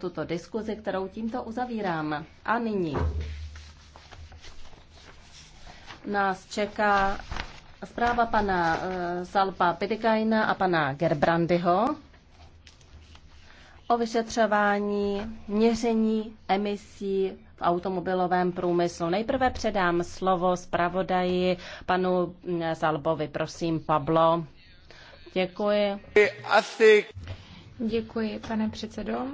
tuto diskuzi, kterou tímto uzavírám. A nyní nás čeká zpráva pana eh, Salpa Pidikajna a pana Gerbrandyho o vyšetřování měření emisí v automobilovém průmyslu. Nejprve předám slovo zpravodaji panu mm, Salbovi. Prosím, Pablo. Děkuji. Děkuji, pane předsedo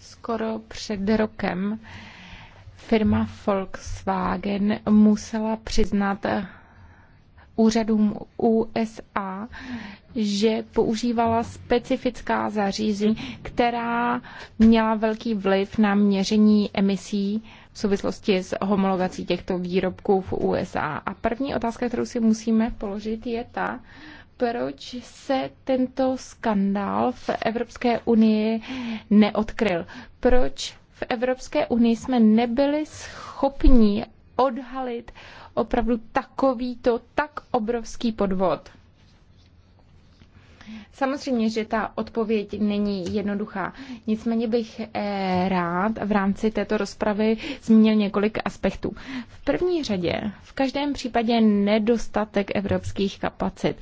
skoro před rokem firma Volkswagen musela přiznat úřadům USA, že používala specifická zařízení, která měla velký vliv na měření emisí v souvislosti s homologací těchto výrobků v USA. A první otázka, kterou si musíme položit, je ta, proč se tento skandál v Evropské unii neodkryl. Proč v Evropské unii jsme nebyli schopni odhalit opravdu takovýto tak obrovský podvod. Samozřejmě, že ta odpověď není jednoduchá. Nicméně bych eh, rád v rámci této rozpravy zmínil několik aspektů. V první řadě, v každém případě nedostatek evropských kapacit,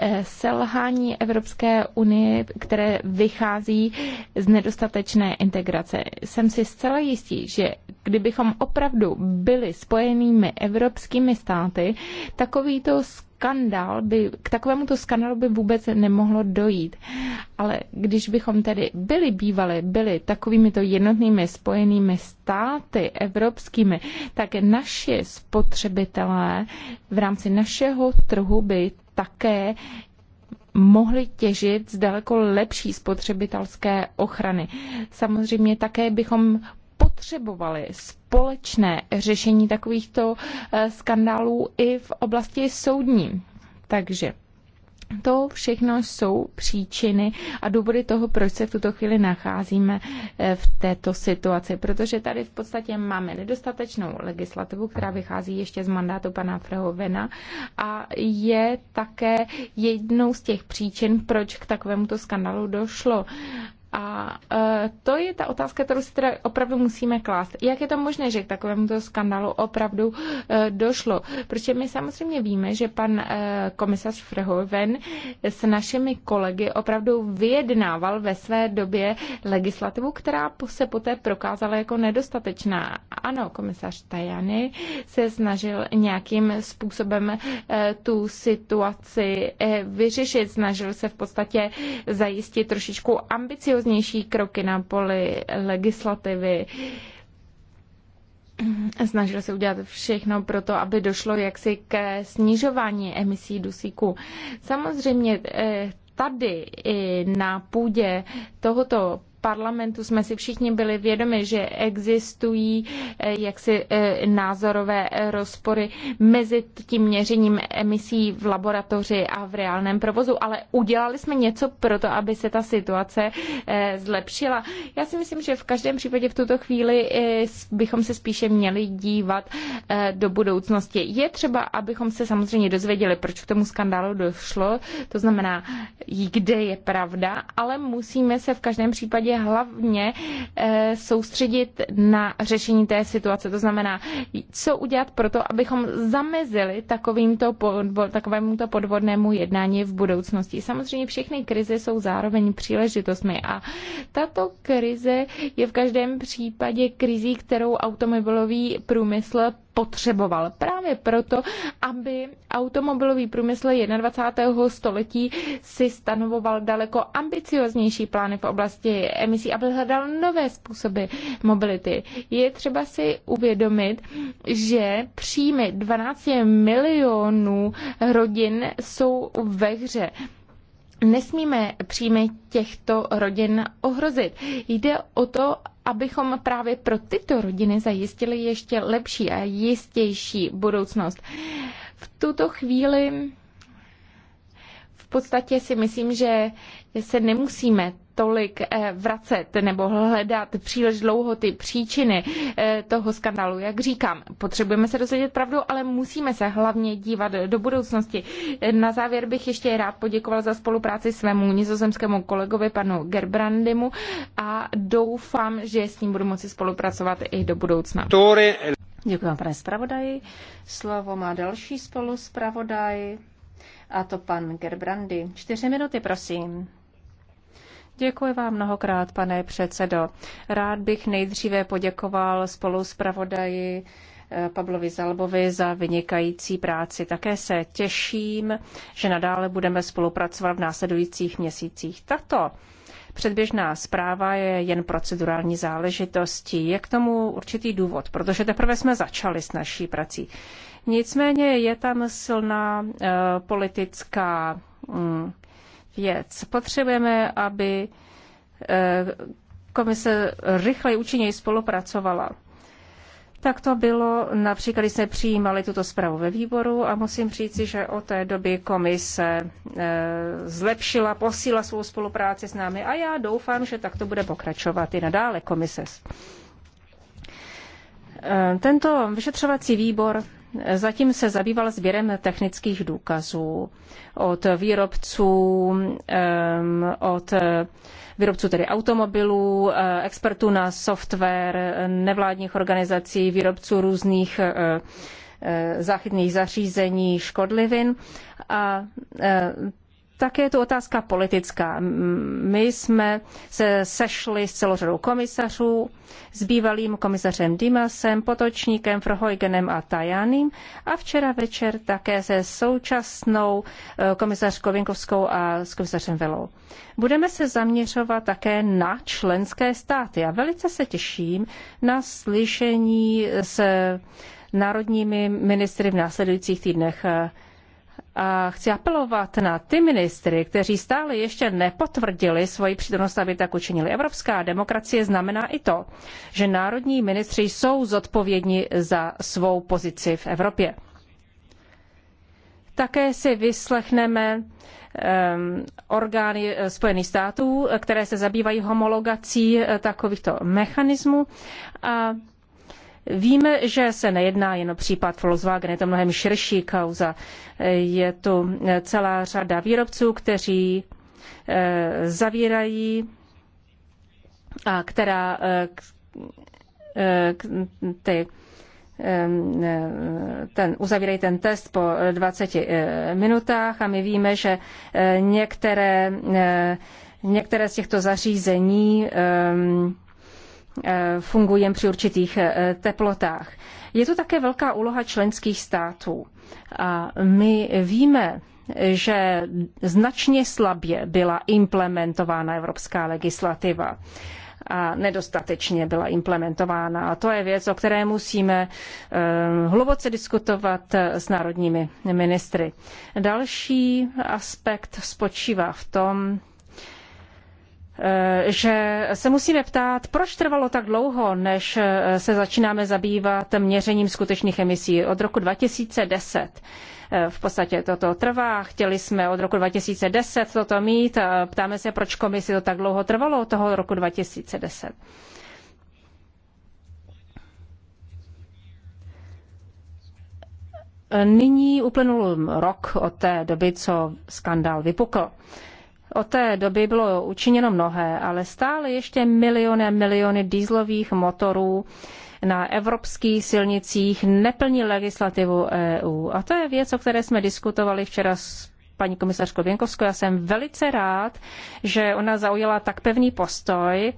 eh, selhání Evropské unie, které vychází z nedostatečné integrace. Jsem si zcela jistý, že kdybychom opravdu byli spojenými evropskými státy, takovýto skandál by, k takovému to skandalu by vůbec nemohlo dojít. Ale když bychom tedy byli bývali, byli takovýmito jednotnými spojenými státy evropskými, tak naši spotřebitelé v rámci našeho trhu by také mohli těžit z daleko lepší spotřebitelské ochrany. Samozřejmě také bychom potřebovali spotřebitelé společné řešení takovýchto eh, skandálů i v oblasti soudní. Takže to všechno jsou příčiny a důvody toho, proč se v tuto chvíli nacházíme eh, v této situaci. Protože tady v podstatě máme nedostatečnou legislativu, která vychází ještě z mandátu pana Frehovena a je také jednou z těch příčin, proč k takovémuto skandalu došlo. A e, to je ta otázka, kterou si teda opravdu musíme klást. Jak je to možné, že k takovému to skandalu opravdu e, došlo? Protože my samozřejmě víme, že pan e, komisař Frehoven s našimi kolegy opravdu vyjednával ve své době legislativu, která se poté prokázala jako nedostatečná. Ano, komisař Tajany se snažil nějakým způsobem tu situaci vyřešit, snažil se v podstatě zajistit trošičku ambiciozní nejrůznější kroky na poli legislativy. Snažil se udělat všechno pro to, aby došlo jaksi ke snižování emisí dusíku. Samozřejmě eh, tady i na půdě tohoto parlamentu jsme si všichni byli vědomi, že existují eh, jaksi eh, názorové eh, rozpory mezi tím měřením emisí v laboratoři a v reálném provozu, ale udělali jsme něco pro to, aby se ta situace zlepšila. Já si myslím, že v každém případě v tuto chvíli bychom se spíše měli dívat do budoucnosti. Je třeba, abychom se samozřejmě dozvěděli, proč k tomu skandálu došlo, to znamená, kde je pravda, ale musíme se v každém případě měli hlavně eh, soustředit na řešení té situace. To znamená, co udělat pro to, abychom zamezili takovýmto podvod, takovémuto podvodnému jednání v budoucnosti. Samozřejmě všechny krize jsou zároveň příležitostmi a tato krize je v každém případě krizí, kterou automobilový průmysl potřeboval. Právě proto, aby automobilový průmysl 21. století si stanovoval daleko ambicioznější plány v oblasti emisí, aby hledal nové způsoby mobility. Je třeba si uvědomit, že příjmy 12 milionů rodin jsou ve hře nesmíme příjmy těchto rodin ohrozit. Jde o to, abychom právě pro tyto rodiny zajistili ještě lepší a jistější budoucnost. V tuto chvíli v podstatě si myslím, že se nemusíme tolik eh, vracet nebo hledat příliš dlouho ty příčiny eh, toho skandálu. Jak říkám, potřebujeme se dozvědět pravdu, ale musíme se hlavně dívat do budoucnosti. Eh, na závěr bych ještě rád poděkoval za spolupráci svému nizozemskému kolegovi panu Gerbrandimu a doufám, že s ním budu moci spolupracovat i do budoucna. Děkuji vám, pane zpravodaji. Slovo má další zpravodaj, a to pan Gerbrandy. Čtyři minuty, prosím. Děkuji vám mnohokrát, pane předsedo. Rád bych nejdříve poděkoval spolu s pravodaji eh, Pavlovi Zalbovi za vynikající práci. Také se těším, že nadále budeme spolupracovat v následujících měsících. Tato předběžná zpráva je jen procedurální záležitostí. Je k tomu určitý důvod, protože teprve jsme začali s naší prací. Nicméně je tam silná eh, politická mm, věc. Potřebujeme, aby eh, komise rychleji účinněji spolupracovala. Tak to bylo například, když jsme přijímali tuto zprávu ve výboru a musím říci, že od té doby komise eh, zlepšila, posíla svou spolupráci s námi a já doufám, že tak to bude pokračovat i nadále komise. Eh, tento vyšetřovací výbor Zatím se zabýval sběrem technických důkazů od výrobců, od výrobců tedy automobilů, eh, expertů na software, nevládních organizací, výrobců různých eh, eh, záchytných zařízení, škodlivin a také je to otázka politická. My jsme se sešli s celou řadou komisařů, s bývalým komisařem Dimasem, Potočníkem, Frohojgenem a Tajanem a včera večer také se současnou eh, komisařkou Vinkovskou a s komisařem Velou. Budeme se zaměřovat také na členské státy a velice se těším na slyšení s národními ministry v následujících týdnech. A chci apelovat na ty ministry, kteří stále ještě nepotvrdili svoji přítomnost, aby tak učinili. Evropská demokracie znamená i to, že národní ministři jsou zodpovědní za svou pozici v Evropě. Také si vyslechneme ehm, orgány eh, Spojených států, které se zabývají homologací eh, takovýchto mechanismů. A Víme, že se nejedná jen o případ Volkswagen, je to mnohem širší kauza. Je tu celá řada výrobců, kteří eh, zavírají a která eh, ty, eh, ten, uzavírají ten test po 20 minutách a my víme, že některé, některé z těchto zařízení Eh, fungují jen při určitých eh, teplotách. Je to také velká úloha členských států. A my víme, že značně slabě byla implementována evropská legislativa a nedostatečně byla implementována. A to je věc, o které musíme eh, hluboce diskutovat s národními ministry. Další aspekt spočívá v tom, Eh, že se musíme ptát, proč trvalo tak dlouho, než eh, se začínáme zabývat měřením skutečných emisí od roku 2010. Eh, v podstatě toto trvá, chtěli jsme od roku 2010 toto mít a ptáme se, proč komisi to tak dlouho trvalo od toho roku 2010. Nyní uplynul rok od té doby, co skandál vypukl. Od té doby bylo učiněno mnohé, ale stále ještě miliony a miliony dýzlových motorů na evropských silnicích neplní legislativu EU. A to je věc, o které jsme diskutovali včera s paní komisařkou Věnkovskou. Já jsem velice rád, že ona zaujala tak pevný postoj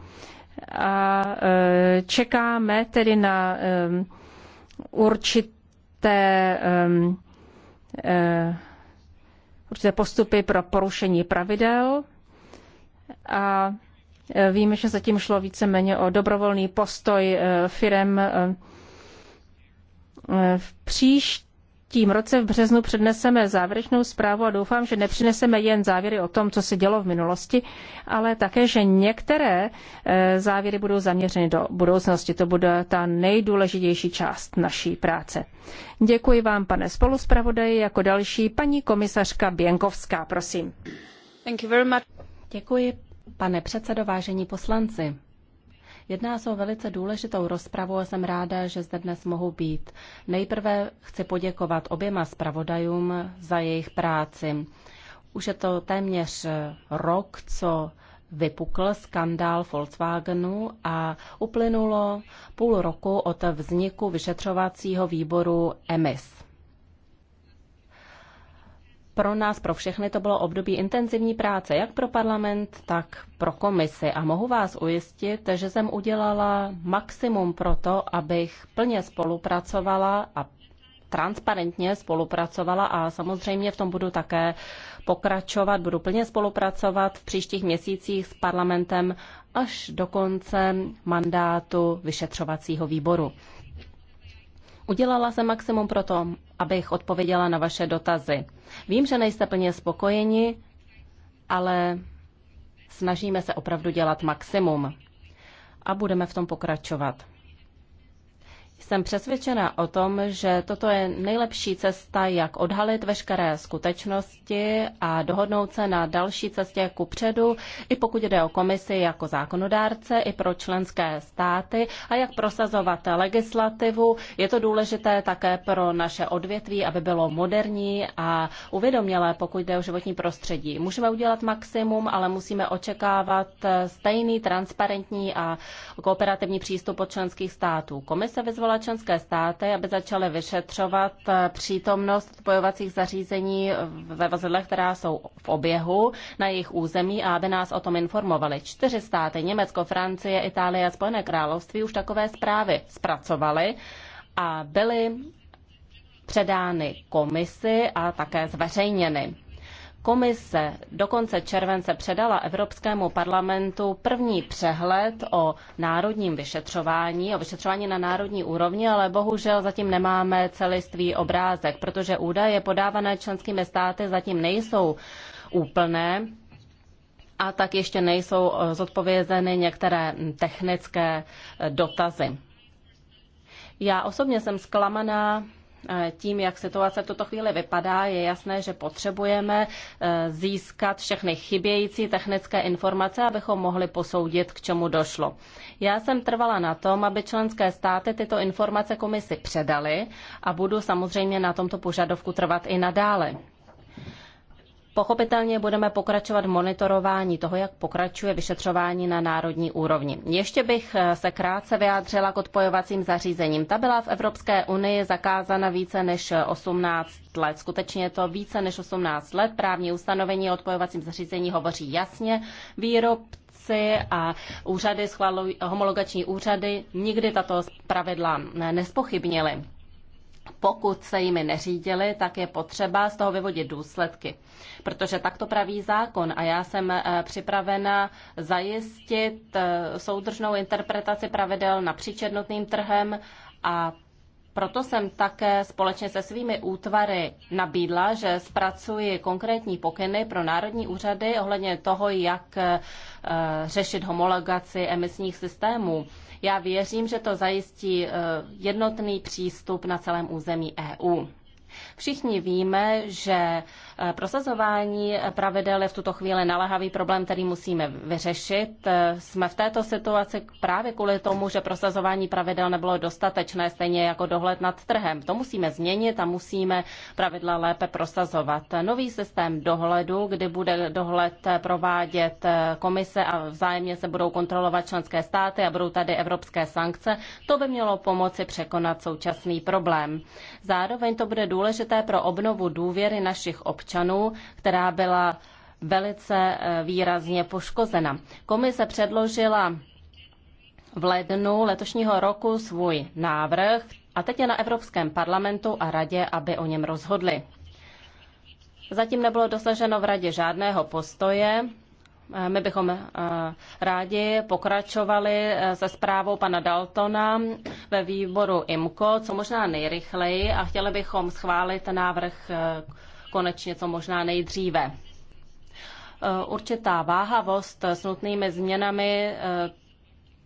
a e, čekáme tedy na e, určité e, určité postupy pro porušení pravidel a e, víme, že zatím šlo víceméně o dobrovolný postoj e, firem e, v příští tím roce v březnu předneseme závěrečnou zprávu a doufám, že nepřineseme jen závěry o tom, co se dělo v minulosti, ale také, že některé eh, závěry budou zaměřeny do budoucnosti. To bude ta nejdůležitější část naší práce. Děkuji vám, pane spoluspravodaji, jako další paní komisařka Běnkovská, prosím. Thank you very much. Děkuji, pane předsedo, vážení poslanci. Jedná se o velice důležitou rozpravu a jsem ráda, že zde dnes mohu být. Nejprve chci poděkovat oběma zpravodajům za jejich práci. Už je to téměř rok, co vypukl skandál Volkswagenu a uplynulo půl roku od vzniku vyšetřovacího výboru EMIS pro nás, pro všechny to bylo období intenzivní práce, jak pro parlament, tak pro komisi. A mohu vás ujistit, že jsem udělala maximum pro to, abych plně spolupracovala a transparentně spolupracovala a samozřejmě v tom budu také pokračovat, budu plně spolupracovat v příštích měsících s parlamentem až do konce mandátu vyšetřovacího výboru. Udělala jsem maximum pro to, abych odpověděla na vaše dotazy. Vím, že nejste plně spokojeni, ale snažíme se opravdu dělat maximum a budeme v tom pokračovat. Jsem přesvědčena o tom, že toto je nejlepší cesta, jak odhalit veškeré skutečnosti a dohodnout se na další cestě ku předu, i pokud jde o komisi jako zákonodárce, i pro členské státy a jak prosazovat legislativu. Je to důležité také pro naše odvětví, aby bylo moderní a uvědomělé, pokud jde o životní prostředí. Můžeme udělat maximum, ale musíme očekávat stejný, transparentní a kooperativní přístup od členských států. Komise vyzvala vyzvala členské státy, aby začaly vyšetřovat eh, přítomnost bojovacích zařízení ve vozidlech, která jsou v oběhu na jejich území a aby nás o tom informovali. Čtyři státy, Německo, Francie, Itálie a Spojené království, už takové zprávy zpracovaly a byly předány komisi a také zveřejněny. Komise do konce července předala Evropskému parlamentu první přehled o národním vyšetřování, o vyšetřování na národní úrovni, ale bohužel zatím nemáme celistvý obrázek, protože údaje podávané členskými státy zatím nejsou úplné a tak ještě nejsou eh, zodpovězeny některé technické eh, dotazy. Já osobně jsem zklamaná Eh, tím, jak situace v tuto chvíli vypadá, je jasné, že potřebujeme eh, získat všechny chybějící technické informace, abychom mohli posoudit, k čemu došlo. Já jsem trvala na tom, aby členské státy tyto informace komisi předaly a budu samozřejmě na tomto požadavku trvat i nadále. Pochopitelně budeme pokračovat v monitorování toho, jak pokračuje vyšetřování na národní úrovni. Ještě bych eh, se krátce vyjádřila k odpojovacím zařízením. Ta byla v Evropské unii zakázána více než 18 let. Skutečně je to více než 18 let. Právní ustanovení o odpojovacím zařízení hovoří jasně. Výrob a úřady, homologační úřady nikdy tato pravidla nespochybnily pokud se jimi neřídili, tak je potřeba z toho vyvodit důsledky. Protože tak to praví zákon a já jsem eh, připravena zajistit eh, soudržnou interpretaci pravidel napříč jednotným trhem a proto jsem také společně se svými útvary nabídla, že zpracuji konkrétní pokyny pro národní úřady ohledně toho, jak eh, řešit homologaci emisních systémů. Já věřím, že to zajistí eh, jednotný přístup na celém území EU. Všichni víme, že Eh, prosazování eh, pravidel je v tuto chvíli naléhavý problém, který musíme vyřešit. Eh, jsme v této situaci právě kvůli tomu, že prosazování pravidel nebylo dostatečné, stejně jako dohled nad trhem. To musíme změnit a musíme pravidla lépe prosazovat. Nový systém dohledu, kdy bude dohled provádět komise a vzájemně se budou kontrolovat členské státy a budou tady evropské sankce, to by mělo pomoci překonat současný problém. Zároveň to bude důležité pro obnovu důvěry našich občanů občanů, která byla velice eh, výrazně poškozena. Komise předložila v lednu letošního roku svůj návrh a teď je na Evropském parlamentu a radě, aby o něm rozhodli. Zatím nebylo dosaženo v radě žádného postoje. Eh, my bychom eh, rádi pokračovali se zprávou pana Daltona ve výboru IMCO, co možná nejrychleji, a chtěli bychom schválit návrh konečně co možná nejdříve. E, určitá váhavost s nutnými změnami, e,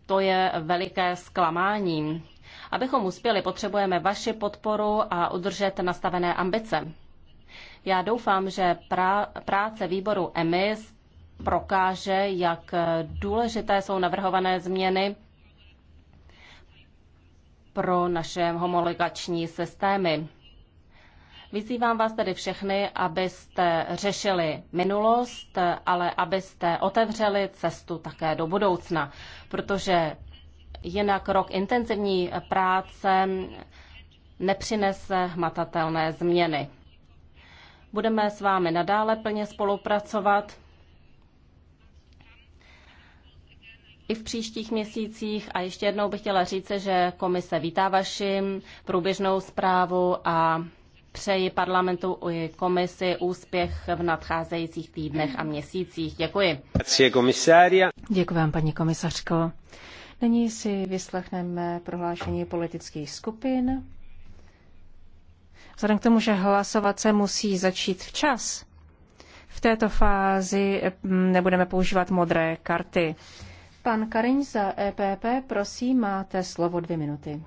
to je veliké zklamání. Abychom uspěli, potřebujeme vaši podporu a udržet nastavené ambice. Já doufám, že práce výboru EMIS prokáže, jak důležité jsou navrhované změny pro naše homologační systémy. Vyzývám vás tedy všechny, abyste řešili minulost, ale abyste otevřeli cestu také do budoucna, protože jinak rok intenzivní práce nepřinese hmatatelné změny. Budeme s vámi nadále plně spolupracovat i v příštích měsících. A ještě jednou bych chtěla říct, že komise vítá vaši průběžnou zprávu a Přeji parlamentu i komisi úspěch v nadcházejících týdnech a měsících. Děkuji. Děkuji vám, paní komisařko. Nyní si vyslechneme prohlášení politických skupin. Vzhledem k tomu, že hlasovat se musí začít včas, v této fázi mm, nebudeme používat modré karty. Pan Kariň za EPP, prosím, máte slovo dvě minuty.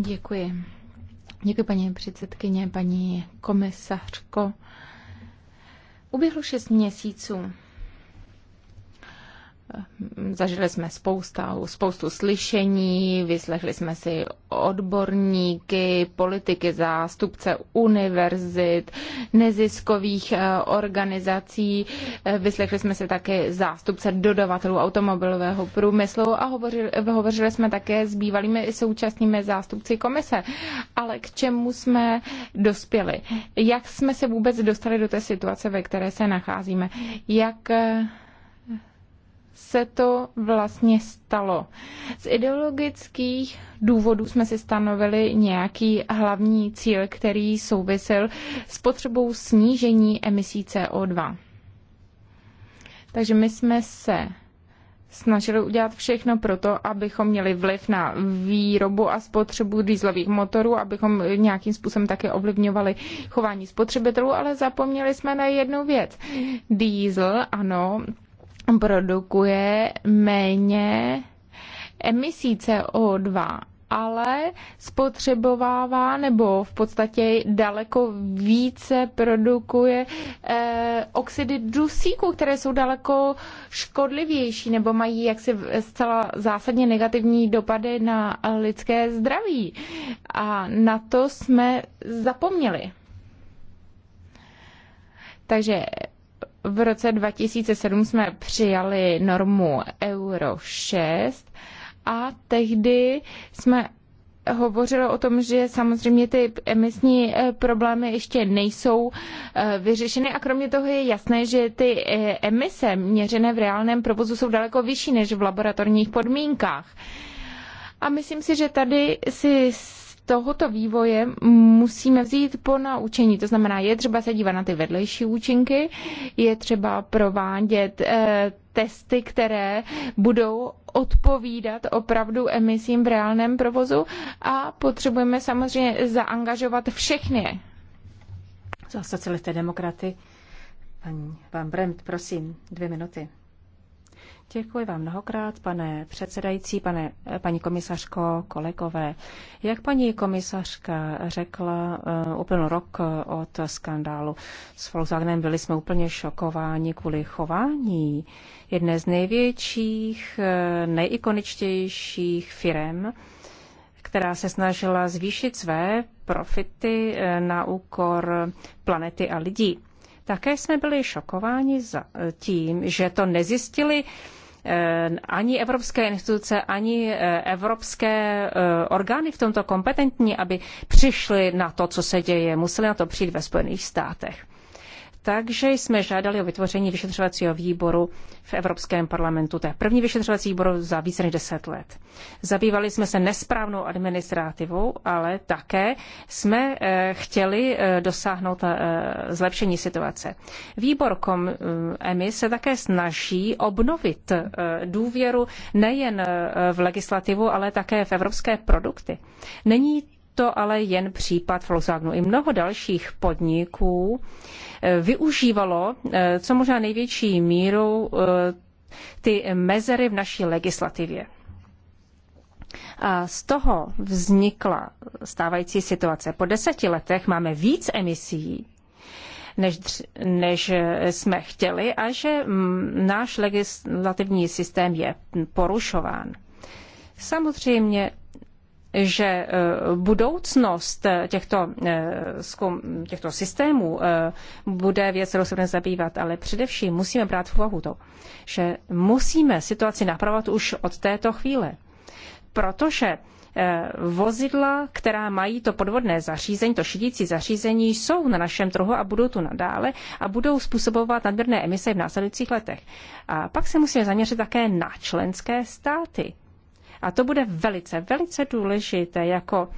Děkuji. Děkuji, paní předsedkyně, paní komisařko. Uběhlo šest měsíců Zažili jsme spousta, spoustu slyšení, vyslechli jsme si odborníky, politiky, zástupce univerzit, neziskových eh, organizací, eh, vyslechli jsme si také zástupce dodavatelů automobilového průmyslu a hovořili, hovořili jsme také s bývalými i současnými zástupci komise. Ale k čemu jsme dospěli? Jak jsme se vůbec dostali do té situace, ve které se nacházíme? Jak eh, se to vlastně stalo. Z ideologických důvodů jsme si stanovili nějaký hlavní cíl, který souvisel s potřebou snížení emisí CO2. Takže my jsme se snažili udělat všechno pro to, abychom měli vliv na výrobu a spotřebu dýzlových motorů, abychom nějakým způsobem také ovlivňovali chování spotřebitelů, ale zapomněli jsme na jednu věc. Dýzl, ano, produkuje méně emisí CO2 ale spotřebovává nebo v podstatě daleko více produkuje eh, oxidy dusíku, které jsou daleko škodlivější nebo mají jaksi zcela zásadně negativní dopady na lidské zdraví. A na to jsme zapomněli. Takže v roce 2007 jsme přijali normu Euro 6 a tehdy jsme hovořilo o tom, že samozřejmě ty emisní eh, problémy ještě nejsou eh, vyřešeny a kromě toho je jasné, že ty eh, emise měřené v reálném provozu jsou daleko vyšší než v laboratorních podmínkách. A myslím si, že tady si tohoto vývoje musíme vzít po naučení. To znamená, je třeba se dívat na ty vedlejší účinky, je třeba provádět eh, testy, které budou odpovídat opravdu emisím v reálném provozu a potřebujeme samozřejmě zaangažovat všechny. Za socialisté demokraty, paní Van Bremt, prosím, dvě minuty. Děkuji vám mnohokrát, pane předsedající, pane, paní komisařko, kolegové. Jak paní komisařka řekla, úplně eh, rok od skandálu s Volkswagenem byli jsme úplně šokováni kvůli chování jedné z největších, eh, nejikoničtějších firm, která se snažila zvýšit své profity eh, na úkor planety a lidí. Také jsme byli šokováni za tím, že to nezjistili Eh, ani evropské instituce, ani eh, evropské eh, orgány v tomto kompetentní, aby přišly na to, co se děje, museli na to přijít ve Spojených státech. Takže jsme žádali o vytvoření vyšetřovacího výboru v Evropském parlamentu. To je první vyšetřovací výbor za více než deset let. Zabývali jsme se nesprávnou administrativou, ale také jsme eh, chtěli eh, dosáhnout eh, zlepšení situace. Výbor kom, EMI se také snaží obnovit důvěru nejen v legislativu, ale také v evropské produkty. Není to ale jen případ Volkswagenu. I mnoho dalších podniků eh, využívalo eh, co možná největší mírou eh, ty mezery v naší legislativě. A z toho vznikla stávající situace. Po deseti letech máme víc emisí, než, než jsme chtěli a že mm, náš legislativní systém je porušován. Samozřejmě že e, budoucnost e, těchto, e, těchto systémů bude věc, kterou se budeme zabývat, ale především musíme brát v úvahu to, že musíme situaci napravovat už od této chvíle. Protože vozidla, která mají to podvodné zařízení, to šidící zařízení, jsou na našem trhu a budou tu nadále a budou způsobovat nadměrné emise v následujících letech. A pak se musíme zaměřit také na členské státy. A to bude velice, velice důležité jako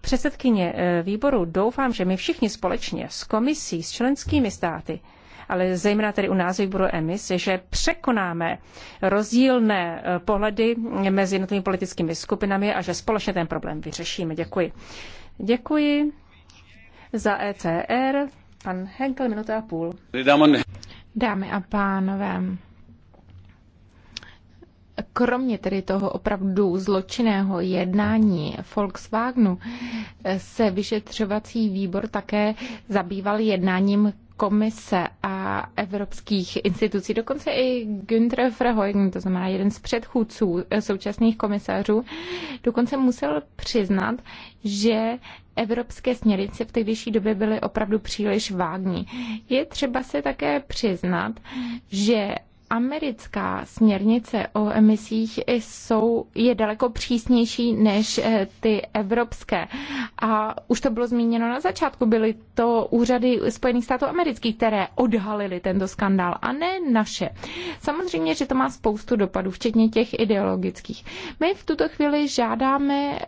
předsedkyně eh, výboru. Doufám, že my všichni společně s komisí, s členskými státy, ale zejména tedy u nás výboru EMIS, že překonáme rozdílné eh, pohledy mezi jednotlivými politickými skupinami a že společně ten problém vyřešíme. Děkuji. Děkuji za ECR. Pan Henkel, minuta a půl. Dámy a pánové, kromě tedy toho opravdu zločinného jednání Volkswagenu se vyšetřovací výbor také zabýval jednáním komise a evropských institucí, dokonce i Günther Verheugen, to znamená jeden z předchůdců současných komisařů, dokonce musel přiznat, že evropské směrnice v tehdejší době byly opravdu příliš vágní. Je třeba se také přiznat, že americká směrnice o emisích jsou, je daleko přísnější než eh, ty evropské. A už to bylo zmíněno na začátku, byly to úřady Spojených států amerických, které odhalily tento skandál a ne naše. Samozřejmě, že to má spoustu dopadů, včetně těch ideologických. My v tuto chvíli žádáme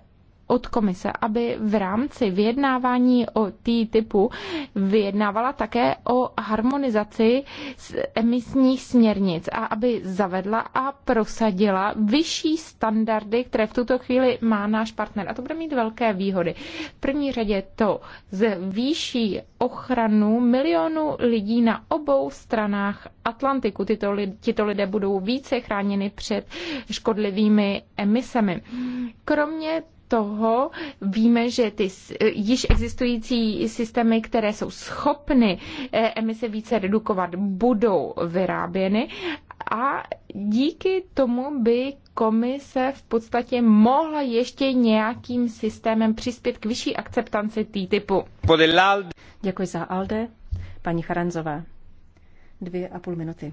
od komise, aby v rámci vyjednávání o tý typu vyjednávala také o harmonizaci emisních směrnic a aby zavedla a prosadila vyšší standardy, které v tuto chvíli má náš partner. A to bude mít velké výhody. V první řadě to zvýší ochranu milionů lidí na obou stranách Atlantiku. Tyto, lid, tyto lidé budou více chráněni před škodlivými emisemi. Kromě toho víme, že ty eh, již existující systémy, které jsou schopny eh, emise více redukovat, budou vyráběny a díky tomu by komise v podstatě mohla ještě nějakým systémem přispět k vyšší akceptanci typu. Děkuji za Alde. Paní Charanzová, dvě a půl minuty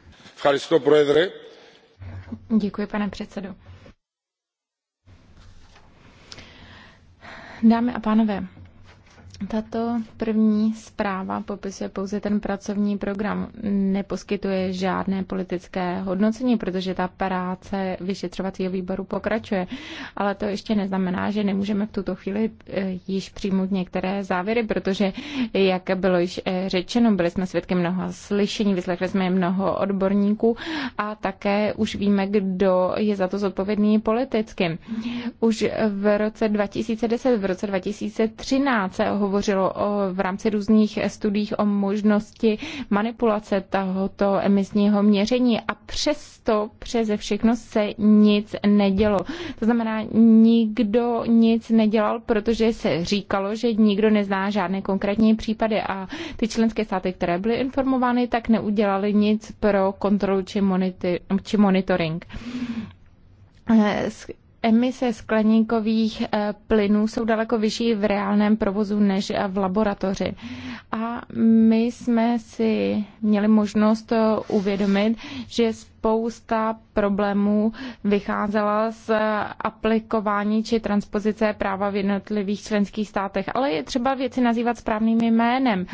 Děkuji, pane předsedo. Dámy a pánové, tato první zpráva popisuje pouze ten pracovní program, neposkytuje žádné politické hodnocení, protože ta práce vyšetřovacího výboru pokračuje. Ale to ještě neznamená, že nemůžeme v tuto chvíli eh, již přijmout některé závěry, protože, jak bylo již eh, řečeno, byli jsme svědky mnoha slyšení, vyslechli jsme mnoho odborníků a také už víme, kdo je za to zodpovědný politicky. Už v roce 2010, v roce 2013 se hovořilo o, v rámci různých studiích o možnosti manipulace tohoto emisního měření a přesto přeze všechno se nic nedělo. To znamená, nikdo nic nedělal, protože se říkalo, že nikdo nezná žádné konkrétní případy a ty členské státy, které byly informovány, tak neudělali nic pro kontrolu či, monitor, či monitoring. Eh, emise skleníkových eh, plynů jsou daleko vyšší v reálném provozu než v laboratoři. A my jsme si měli možnost eh, uvědomit, že spousta problémů vycházela z aplikování či transpozice práva v jednotlivých členských státech. Ale je třeba věci nazývat správným jménem,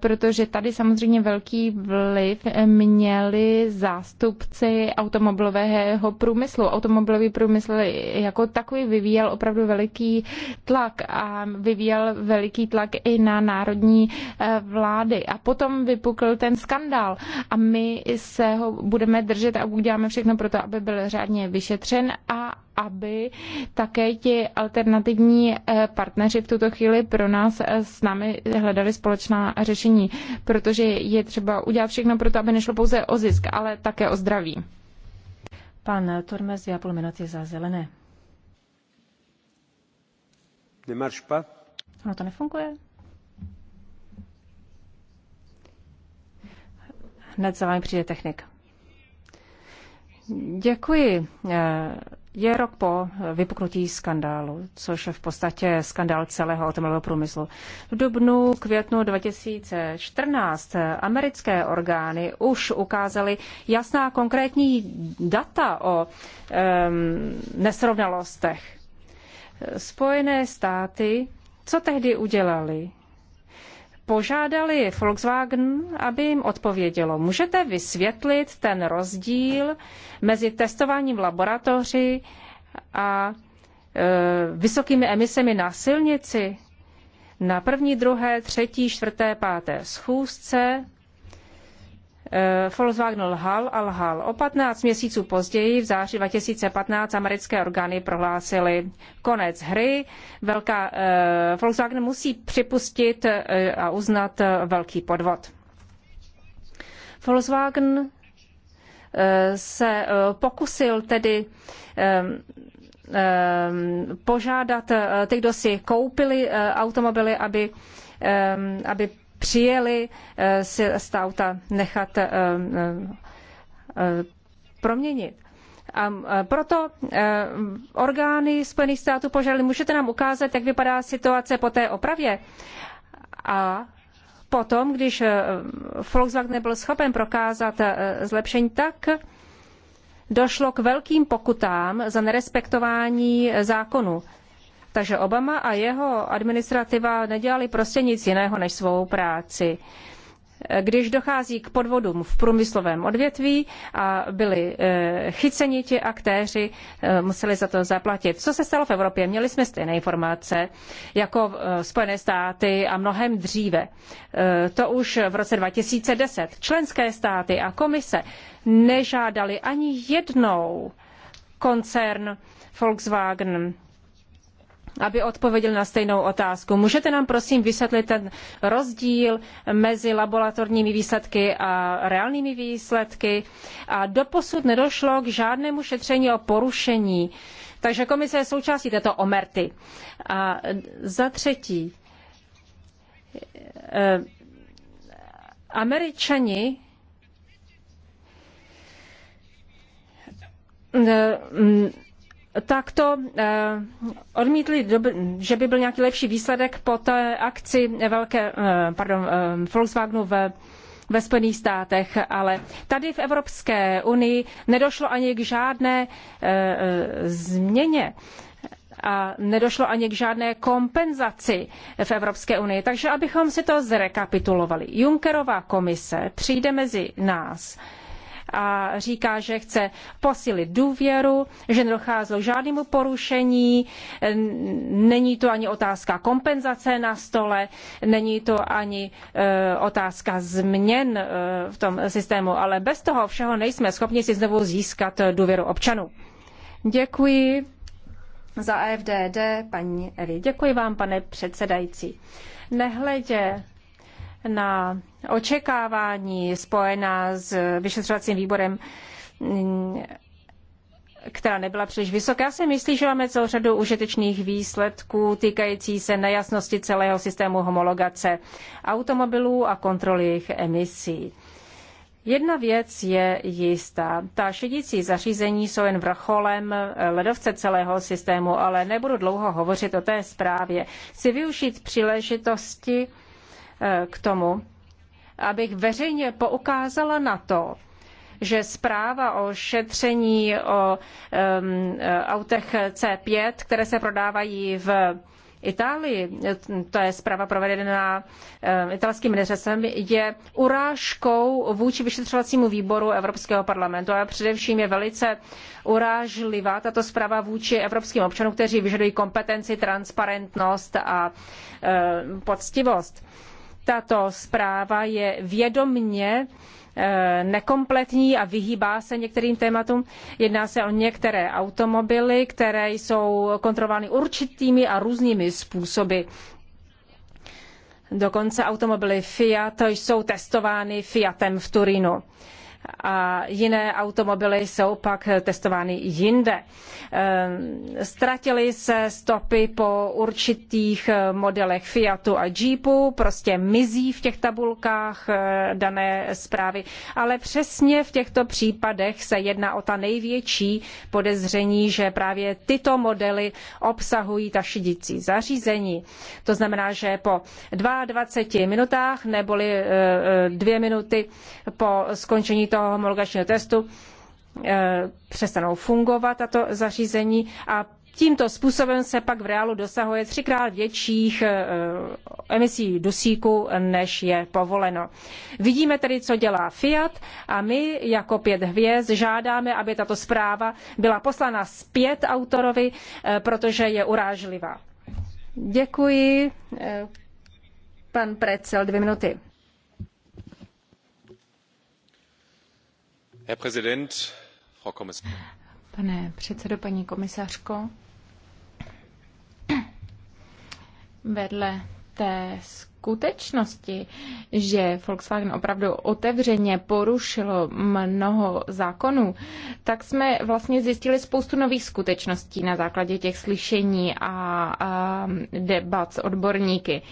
protože tady samozřejmě velký vliv měli zástupci automobilového průmyslu. Automobilový průmysl jako takový vyvíjel opravdu veliký tlak a vyvíjel veliký tlak i na národní eh, vlády. A potom vypukl ten skandál a my se ho budeme držet a uděláme všechno pro to, aby byl řádně vyšetřen a aby také ti alternativní eh, partneři v tuto chvíli pro nás eh, s námi hledali společná řešení, protože je třeba udělat všechno pro to, aby nešlo pouze o zisk, ale také o zdraví. Pan Tormes, já půl minuty za zelené. Ono to nefunguje. Hned za vámi přijde technik. Děkuji. Eh, je rok po vypuknutí skandálu, což je v podstatě skandál celého automobilového průmyslu. V dubnu, květnu 2014 americké orgány už ukázaly jasná konkrétní data o um, nesrovnalostech. Spojené státy, co tehdy udělali? požádali Volkswagen, aby jim odpovědělo. Můžete vysvětlit ten rozdíl mezi testováním v laboratoři a e, vysokými emisemi na silnici? Na první, druhé, třetí, čtvrté, páté schůzce Eh, Volkswagen lhal a lhal. O 15 měsíců později, v září 2015, americké orgány prohlásily konec hry. Velká, eh, Volkswagen musí připustit eh, a uznat eh, velký podvod. Volkswagen eh, se eh, pokusil tedy eh, eh požádat eh, ty, kdo si koupili automobily, aby, aby přijeli eh, si z auta nechat eh, eh, proměnit. A proto orgány Spojených států požádali, můžete nám ukázat, jak vypadá situace po té opravě. A potom, když Volkswagen nebyl schopen prokázat zlepšení, tak došlo k velkým pokutám za nerespektování zákonu. Takže Obama a jeho administrativa nedělali prostě nic jiného než svou práci. Když dochází k podvodům v průmyslovém odvětví a byli eh, chyceni ti aktéři, eh, museli za to zaplatit. Co se stalo v Evropě? Měli jsme stejné informace jako eh, Spojené státy a mnohem dříve. To už v roce 2010. Členské státy a komise nežádali ani jednou koncern Volkswagen aby odpověděl na stejnou otázku. Můžete nám prosím vysvětlit ten rozdíl mezi laboratorními výsledky a reálnými výsledky? A doposud nedošlo k žádnému šetření o porušení. Takže komise je součástí této omerty. A za třetí, eh, američani eh, mm, takto eh, odmítli, že by byl nějaký lepší výsledek po té akci velké, eh, pardon, eh, Volkswagenu ve ve Spojených státech, ale tady v Evropské unii nedošlo ani k žádné změně a nedošlo ani k žádné kompenzaci v Evropské unii. Takže abychom si to zrekapitulovali. Junckerova komise přijde mezi nás a říká, že chce posílit důvěru, že nedocházelo k žádnému porušení, není to ani otázka kompenzace na stole, není to ani e, otázka změn e, v tom systému, ale bez toho všeho nejsme schopni si znovu získat důvěru občanů. Děkuji za AFDD, e paní Eli. Děkuji vám, pane předsedající. Nehledě na očekávání spojená s vyšetřovacím výborem, která nebyla příliš vysoká. Já si myslím, že máme celou řadu užitečných výsledků týkající se nejasnosti celého systému homologace automobilů a kontroly jejich emisí. Jedna věc je jistá. Ta šidící zařízení jsou jen vrcholem ledovce celého systému, ale nebudu dlouho hovořit o té zprávě. Chci využít příležitosti, Eh, k tomu, abych veřejně poukázala na to, že zpráva o šetření o um, autech C5, které se prodávají v Itálii, to je zpráva provedená eh, italským ministerstvem, je urážkou vůči vyšetřovacímu výboru Evropského parlamentu a především je velice urážlivá tato zpráva vůči evropským občanům, kteří vyžadují kompetenci, transparentnost a poctivost tato zpráva je vědomně eh, nekompletní a vyhýbá se některým tématům. Jedná se o některé automobily, které jsou kontrolovány určitými a různými způsoby. Dokonce automobily Fiat jsou testovány Fiatem v Turínu a jiné automobily jsou pak testovány jinde. Ehm, ztratily se stopy po určitých eh, modelech Fiatu a Jeepu, prostě mizí v těch tabulkách eh, dané zprávy, ale přesně v těchto případech se jedná o ta největší podezření, že právě tyto modely obsahují ta šidicí zařízení. To znamená, že po 22 minutách neboli eh, dvě minuty po skončení toho toho homologačního testu eh, přestanou fungovat tato zařízení a tímto způsobem se pak v reálu dosahuje třikrát větších eh, emisí dusíku, než je povoleno. Vidíme tedy, co dělá Fiat a my jako pět hvězd žádáme, aby tato zpráva byla poslána zpět autorovi, eh, protože je urážlivá. Děkuji. Pan Precel, dvě minuty. Pane předsedo, paní komisařko, vedle té skutečnosti, že Volkswagen opravdu otevřeně porušilo mnoho zákonů, tak jsme vlastně zjistili spoustu nových skutečností na základě těch slyšení a, a debat s odborníky.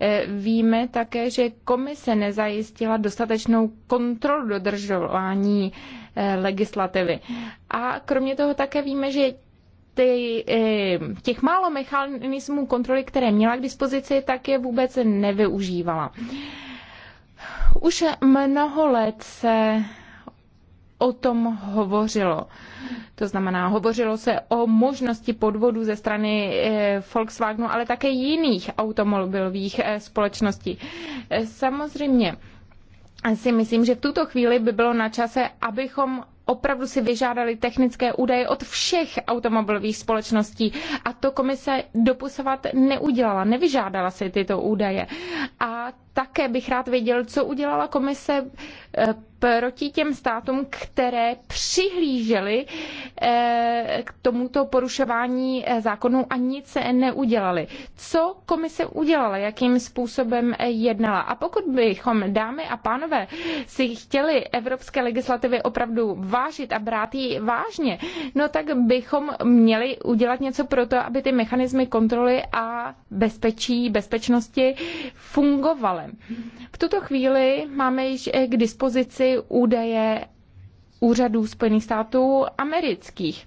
E, víme také, že komise nezajistila dostatečnou kontrolu dodržování e, legislativy. A kromě toho také víme, že ty, eh, těch málo mechanismů kontroly, které měla k dispozici, tak je vůbec nevyužívala. Už mnoho let se o tom hovořilo. To znamená, hovořilo se o možnosti podvodu ze strany eh, Volkswagenu, ale také jiných automobilových eh, společností. Samozřejmě si myslím, že v tuto chvíli by bylo na čase, abychom opravdu si vyžádali technické údaje od všech automobilových společností a to komise doposavat neudělala, nevyžádala si tyto údaje. A také bych rád věděl, co udělala komise eh, proti těm státům, které přihlížely eh, k tomuto porušování eh, zákonů a nic se neudělali. Co komise udělala, jakým způsobem jednala? A pokud bychom, dámy a pánové, si chtěli evropské legislativy opravdu vážit a brát ji vážně, no tak bychom měli udělat něco pro to, aby ty mechanismy kontroly a bezpečí, bezpečnosti fungovaly problém. V tuto chvíli máme již k dispozici údaje úřadů Spojených států amerických.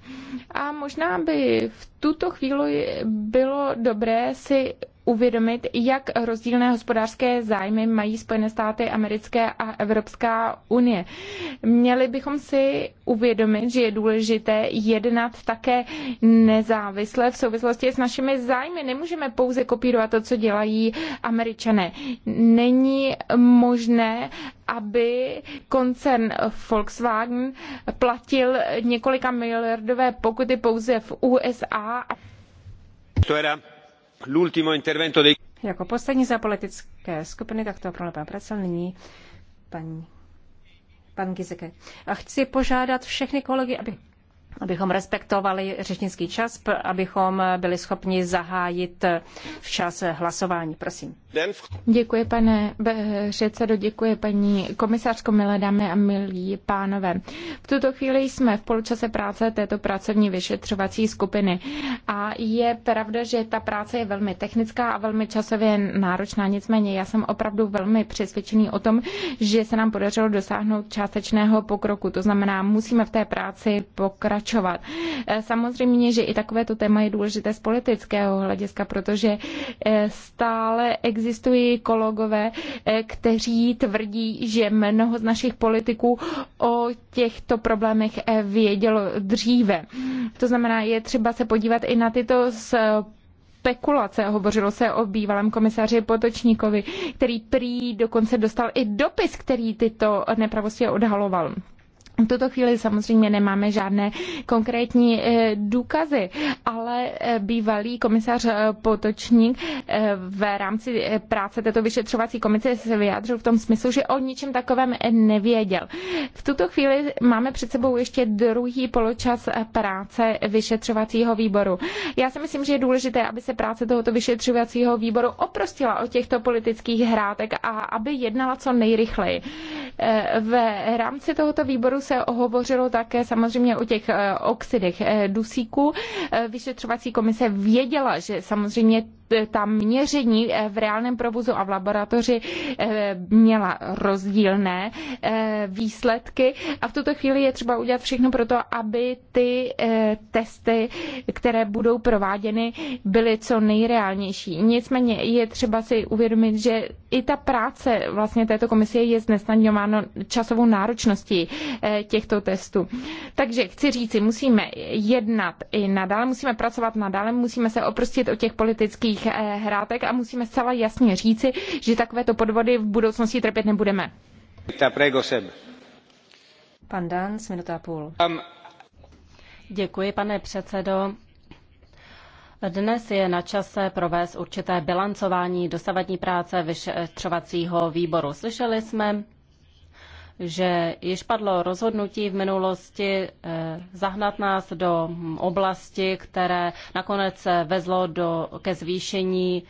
A možná by v tuto chvíli bylo dobré si uvědomit, jak rozdílné hospodářské zájmy mají Spojené státy americké a Evropská unie. Měli bychom si uvědomit, že je důležité jednat také nezávisle v souvislosti s našimi zájmy. Nemůžeme pouze kopírovat to, co dělají američané. Není možné, aby koncern Volkswagen platil několika miliardové pokuty pouze v USA. To era L'ultimo intervento dei... Jako poslední za politické skupiny, tak to opravdu pan Pracel, nyní paní, pan Gizeke. A chci požádat všechny kolegy, aby abychom respektovali řečnický čas, abychom byli schopni zahájit včas hlasování. Prosím. Děkuji, pane předsedo, děkuji, paní komisářko, milé dámy a milí pánové. V tuto chvíli jsme v poločase práce této pracovní vyšetřovací skupiny a je pravda, že ta práce je velmi technická a velmi časově náročná. Nicméně já jsem opravdu velmi přesvědčený o tom, že se nám podařilo dosáhnout částečného pokroku. To znamená, musíme v té práci pokračovat pokračovat. Eh, samozřejmě, že i takovéto téma je důležité z politického hlediska, protože eh, stále existují kolegové, eh, kteří tvrdí, že mnoho z našich politiků o těchto problémech vědělo dříve. To znamená, je třeba se podívat i na tyto z spekulace. Hovořilo se o bývalém komisaři Potočníkovi, který prý dokonce dostal i dopis, který tyto nepravosti odhaloval. V tuto chvíli samozřejmě nemáme žádné konkrétní eh, důkazy, ale eh, bývalý komisař eh, Potočník v rámci práce této vyšetřovací komise se vyjádřil v tom smyslu, že o ničem takovém nevěděl. V tuto chvíli máme před sebou ještě druhý poločas práce vyšetřovacího výboru. Já si myslím, že je důležité, aby se práce tohoto vyšetřovacího výboru oprostila od těchto politických hrátek a aby jednala co nejrychleji. V rámci tohoto výboru se hovořilo také samozřejmě o těch eh, oxidech eh, dusíku. Eh, vyšetřovací komise věděla, že samozřejmě Eh, ta měření eh, v reálném provozu a v laboratoři eh, měla rozdílné výsledky a v tuto chvíli je třeba udělat všechno pro to, aby ty testy, které budou prováděny, byly co nejreálnější. Nicméně je třeba si uvědomit, že i ta práce vlastně této komisie je znesnadňována časovou náročností těchto testů. Takže chci říci, musíme jednat i nadále, musíme pracovat nadále, musíme se oprostit od těch politických hazardních eh, hrátek a musíme zcela jasně říci, že takovéto podvody v budoucnosti trpět nebudeme. Pan Dans, minuta a půl. Děkuji, pane předsedo. Dnes je na čase provést určité bilancování dosavadní práce vyšetřovacího výboru. Slyšeli jsme že již padlo rozhodnutí v minulosti eh, zahnat nás do oblasti, které nakonec vezlo do, ke zvýšení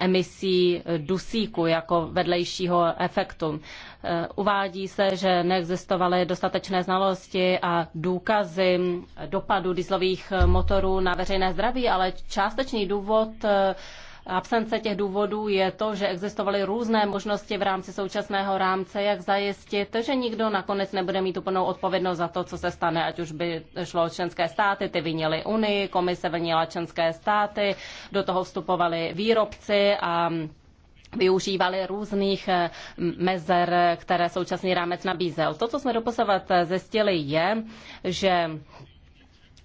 emisí dusíku jako vedlejšího efektu. Eh, uvádí se, že neexistovaly dostatečné znalosti a důkazy dopadu dieselových motorů na veřejné zdraví, ale částečný důvod eh, Absence těch důvodů je to, že existovaly různé možnosti v rámci současného rámce, jak zajistit, že nikdo nakonec nebude mít úplnou odpovědnost za to, co se stane, ať už by šlo o členské státy, ty vyněly Unii, komise vyněla členské státy, do toho vstupovali výrobci a využívali různých eh, mezer, které současný rámec nabízel. To, co jsme doposavat eh, zjistili, je, že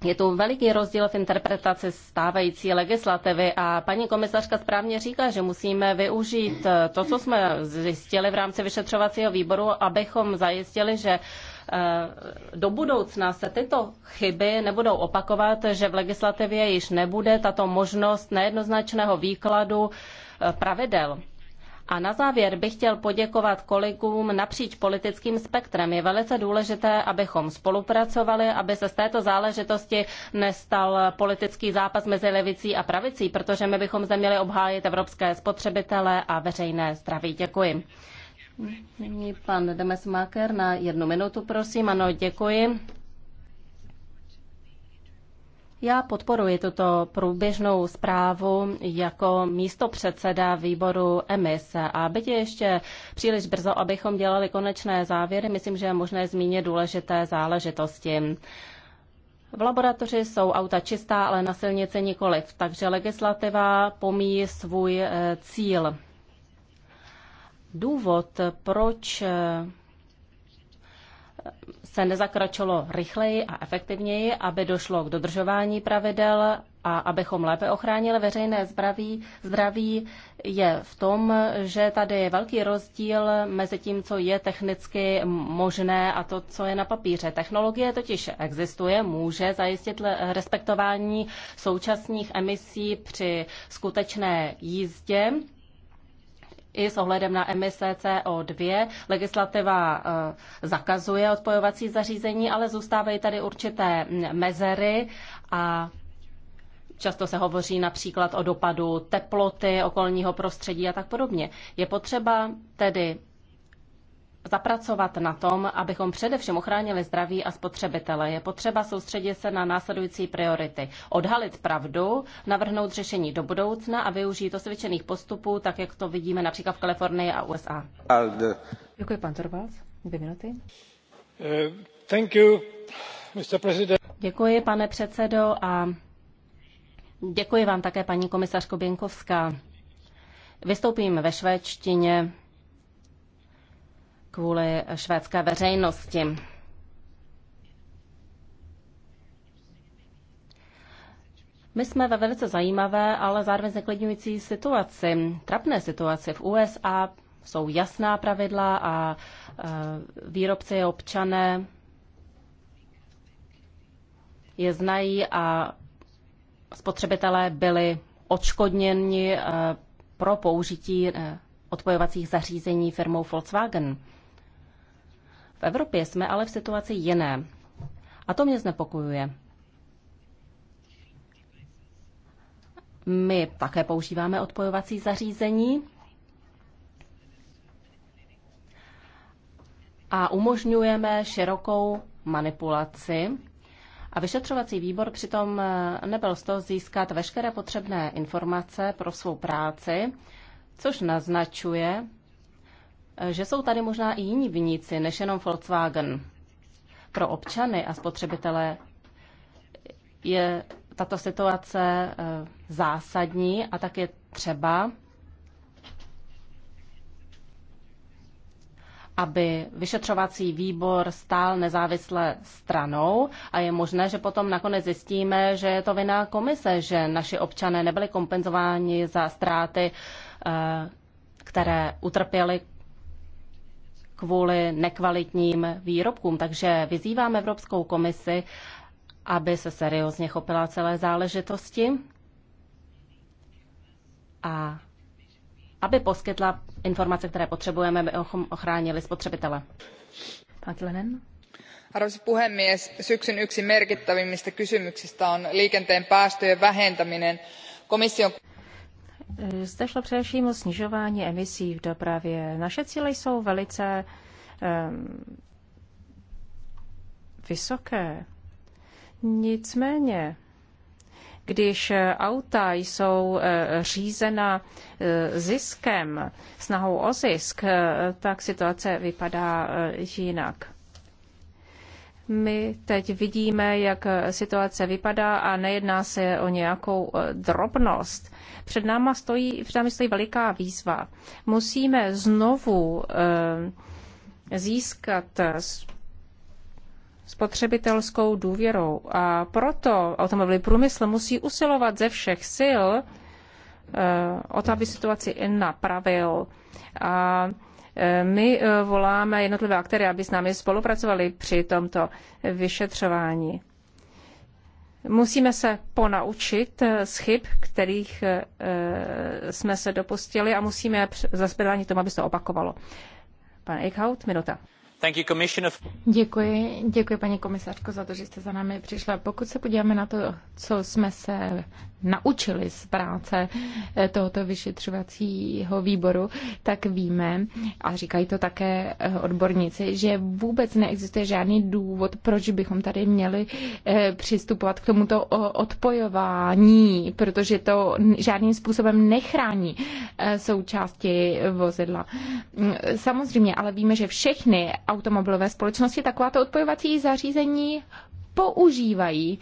je tu veliký rozdíl v interpretaci stávající legislativy a paní komisařka správně říká, že musíme využít to, co jsme zjistili v rámci vyšetřovacího výboru, abychom zajistili, že eh, do budoucna se tyto chyby nebudou opakovat, že v legislativě již nebude tato možnost nejednoznačného výkladu eh, pravidel. A na závěr bych chtěl poděkovat kolegům napříč politickým spektrem. Je velice důležité, abychom spolupracovali, aby se z této záležitosti nestal politický zápas mezi levicí a pravicí, protože my bychom zde měli obhájit evropské spotřebitele a veřejné zdraví. Děkuji. Nyní pan Demesmaker na jednu minutu, prosím. Ano, děkuji. Já podporuji tuto průběžnou zprávu jako místo předseda výboru EMIS. A byť je ještě příliš brzo, abychom dělali konečné závěry, myslím, že je možné zmínit důležité záležitosti. V laboratoři jsou auta čistá, ale na silnici nikoliv, takže legislativa pomíjí svůj eh, cíl. Důvod, proč eh, se nezakračilo rychleji a efektivněji, aby došlo k dodržování pravidel a abychom lépe ochránili veřejné zdraví, zdraví je v tom, že tady je velký rozdíl mezi tím, co je technicky možné a to, co je na papíře. Technologie totiž existuje, může zajistit respektování současných emisí při skutečné jízdě i s ohledem na emise CO2. Legislativa eh, zakazuje odpojovací zařízení, ale zůstávají tady určité mezery a Často se hovoří například o dopadu teploty, okolního prostředí a tak podobně. Je potřeba tedy zapracovat na tom, abychom především ochránili zdraví a spotřebitele. Je potřeba soustředit se na následující priority. Odhalit pravdu, navrhnout řešení do budoucna a využít osvědčených postupů, tak jak to vidíme například v Kalifornii a USA. Děkuji, pan Torvalds. Dvě minuty. Eh, thank you, Mr. President. Děkuji, pane předsedo, a děkuji vám také, paní komisařko Běnkovská. Vystoupím ve švédštině kvůli švédské veřejnosti. My jsme ve velice zajímavé, ale zároveň zneklidňující situaci, trapné situaci v USA. Jsou jasná pravidla a e, výrobci a občané je znají a spotřebitelé byli odškodněni e, pro použití e, odpojovacích zařízení firmou Volkswagen. V Evropě jsme ale v situaci jiné. A to mě znepokojuje. My také používáme odpojovací zařízení a umožňujeme širokou manipulaci. A vyšetřovací výbor přitom eh, nebyl z toho získat veškeré potřebné informace pro svou práci, což naznačuje, že jsou tady možná i jiní viníci než jenom Volkswagen. Pro občany a spotřebitele je tato situace eh, zásadní a tak je třeba, aby vyšetřovací výbor stál nezávisle stranou a je možné, že potom nakonec zjistíme, že je to vina komise, že naši občané nebyli kompenzováni za ztráty, eh, které utrpěli kvůli nekvalitním výrobkům. Takže vyzývám Evropskou komisi, aby se seriózně chopila celé záležitosti a aby poskytla informace, které potřebujeme, aby ochránili spotřebitele. Arvoisa puhemies, syksyn yksi merkittävimmistä kysymyksistä on liikenteen päästöjen vähentäminen. Komission Eh, zde šlo především o snižování emisí v dopravě. Naše cíle jsou velice um, vysoké. Nicméně, když auta jsou eh, řízena eh, ziskem, snahou o zisk, tak situace vypadá jinak. My teď vidíme, jak situace vypadá a nejedná se o nějakou drobnost. Před, náma stojí, před námi stojí veliká výzva. Musíme znovu e, získat spotřebitelskou důvěrou a proto automobilový průmysl musí usilovat ze všech sil eh, o to, aby situaci napravil. A eh, my voláme jednotlivé aktéry, aby s námi spolupracovali při tomto vyšetřování. Musíme se ponaučit z chyb, kterých eh, jsme se dopustili a musíme zaspědánit tomu, aby se to opakovalo. Pane Eichhout, minuta. Děkuji, děkuji paní komisařko za to, že jste za námi přišla. Pokud se podíváme na to, co jsme se naučili z práce eh, tohoto vyšetřovacího výboru, tak víme, a říkají to také eh, odborníci, že vůbec neexistuje žádný důvod, proč bychom tady měli eh, přistupovat k tomuto odpojování, protože to žádným způsobem nechrání součásti vozidla. Mm, samozřejmě, ale víme, že všechny automobilové společnosti takováto odpojovací zařízení používají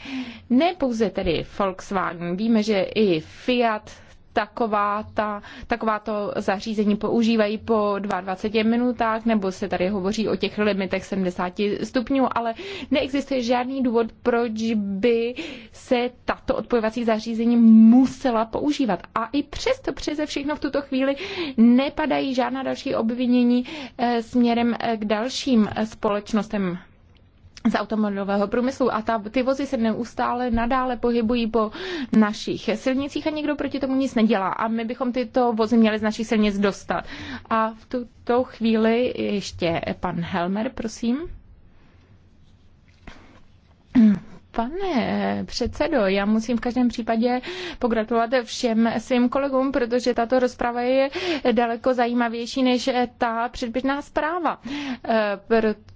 ne pouze tedy Volkswagen, víme, že i Fiat taková ta, takováto zařízení používají po 22 minutách, nebo se tady hovoří o těch limitech 70 stupňů, ale neexistuje žádný důvod, proč by se tato odpojovací zařízení musela používat. A i přesto přeze všechno v tuto chvíli nepadají žádná další obvinění eh, směrem eh, k dalším společnostem z automobilového průmyslu a ta, ty vozy se neustále nadále pohybují po našich silnicích a nikdo proti tomu nic nedělá a my bychom tyto vozy měli z našich silnic dostat. A v tuto chvíli ještě pan Helmer, prosím. Pane předsedo, já musím v každém případě pogratulovat všem svým kolegům, protože tato rozprava je daleko zajímavější než ta předběžná zpráva. Proto eh,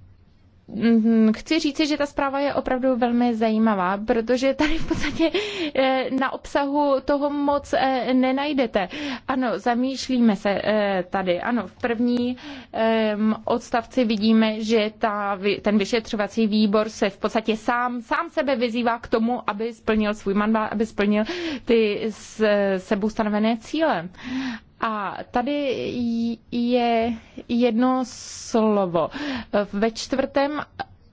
Mhm, chci říci, že ta zpráva je opravdu velmi zajímavá, protože tady v podstatě eh, na obsahu toho moc eh, nenajdete. Ano, zamýšlíme se eh, tady. Ano, v první ehm, odstavci vidíme, že ta, ten vyšetřovací výbor se v podstatě sám, sám sebe vyzývá k tomu, aby splnil svůj mandát, aby splnil ty sebou stanovené cíle. A tady je jedno slovo. Ve čtvrtém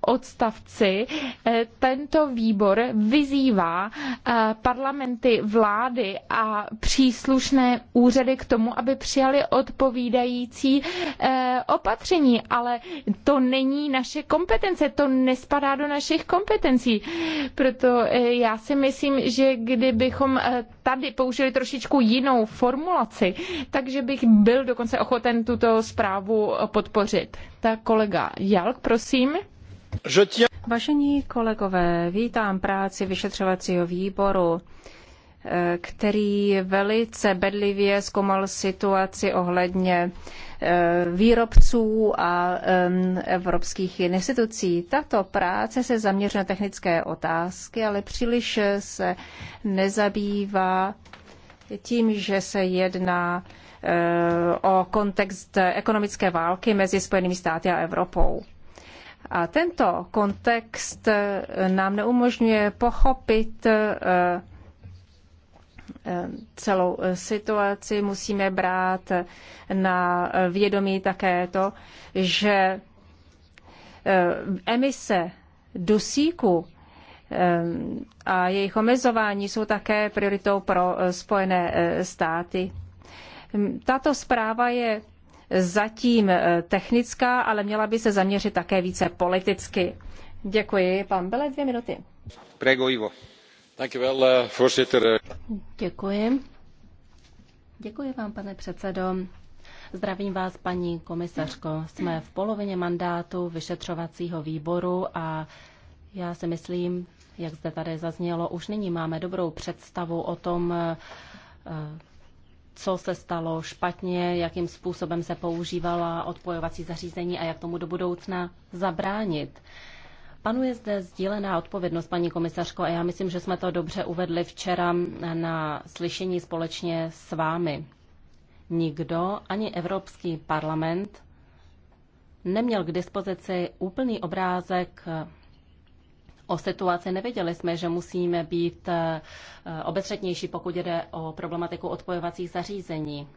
odstavci eh, tento výbor vyzývá eh, parlamenty, vlády a příslušné úřady k tomu, aby přijali odpovídající eh, opatření, ale to není naše kompetence, to nespadá do našich kompetencí. Proto já si myslím, že kdybychom tady použili trošičku jinou formulaci, takže bych byl dokonce ochoten tuto zprávu podpořit. Tak kolega Jalk, prosím. Vážení kolegové, vítám práci vyšetřovacího výboru, eh, který velice bedlivě zkoumal situaci ohledně eh, výrobců a evropských institucí. Tato práce se zaměřuje na technické otázky, ale příliš se nezabývá tím, že se jedná eh, o kontext ekonomické války mezi Spojenými státy a Evropou. A tento kontext eh, nám neumožňuje pochopit eh, eh, celou situaci. Musíme brát na vědomí také to, že emise dusíku a jejich omezování jsou také prioritou pro Spojené státy. Tato zpráva je zatím eh, technická, ale měla by se zaměřit také více politicky. Děkuji. Pan Bele, dvě minuty. Prego, Ivo. Uh, uh, Děkuji. Děkuji vám, pane předsedo. Zdravím vás, paní komisařko. Jsme v polovině mandátu vyšetřovacího výboru a já si myslím, jak zde tady zaznělo, už nyní máme dobrou představu o tom, eh, co se stalo špatně, jakým způsobem se používala odpojovací zařízení a jak tomu do budoucna zabránit. Panuje zde sdílená odpovědnost, paní komisařko, a já myslím, že jsme to dobře uvedli včera na slyšení společně s vámi. Nikdo, ani Evropský parlament, neměl k dispozici úplný obrázek o situaci. Nevěděli jsme, že musíme být eh, eh, obezřetnější, pokud jde o problematiku odpojovacích zařízení.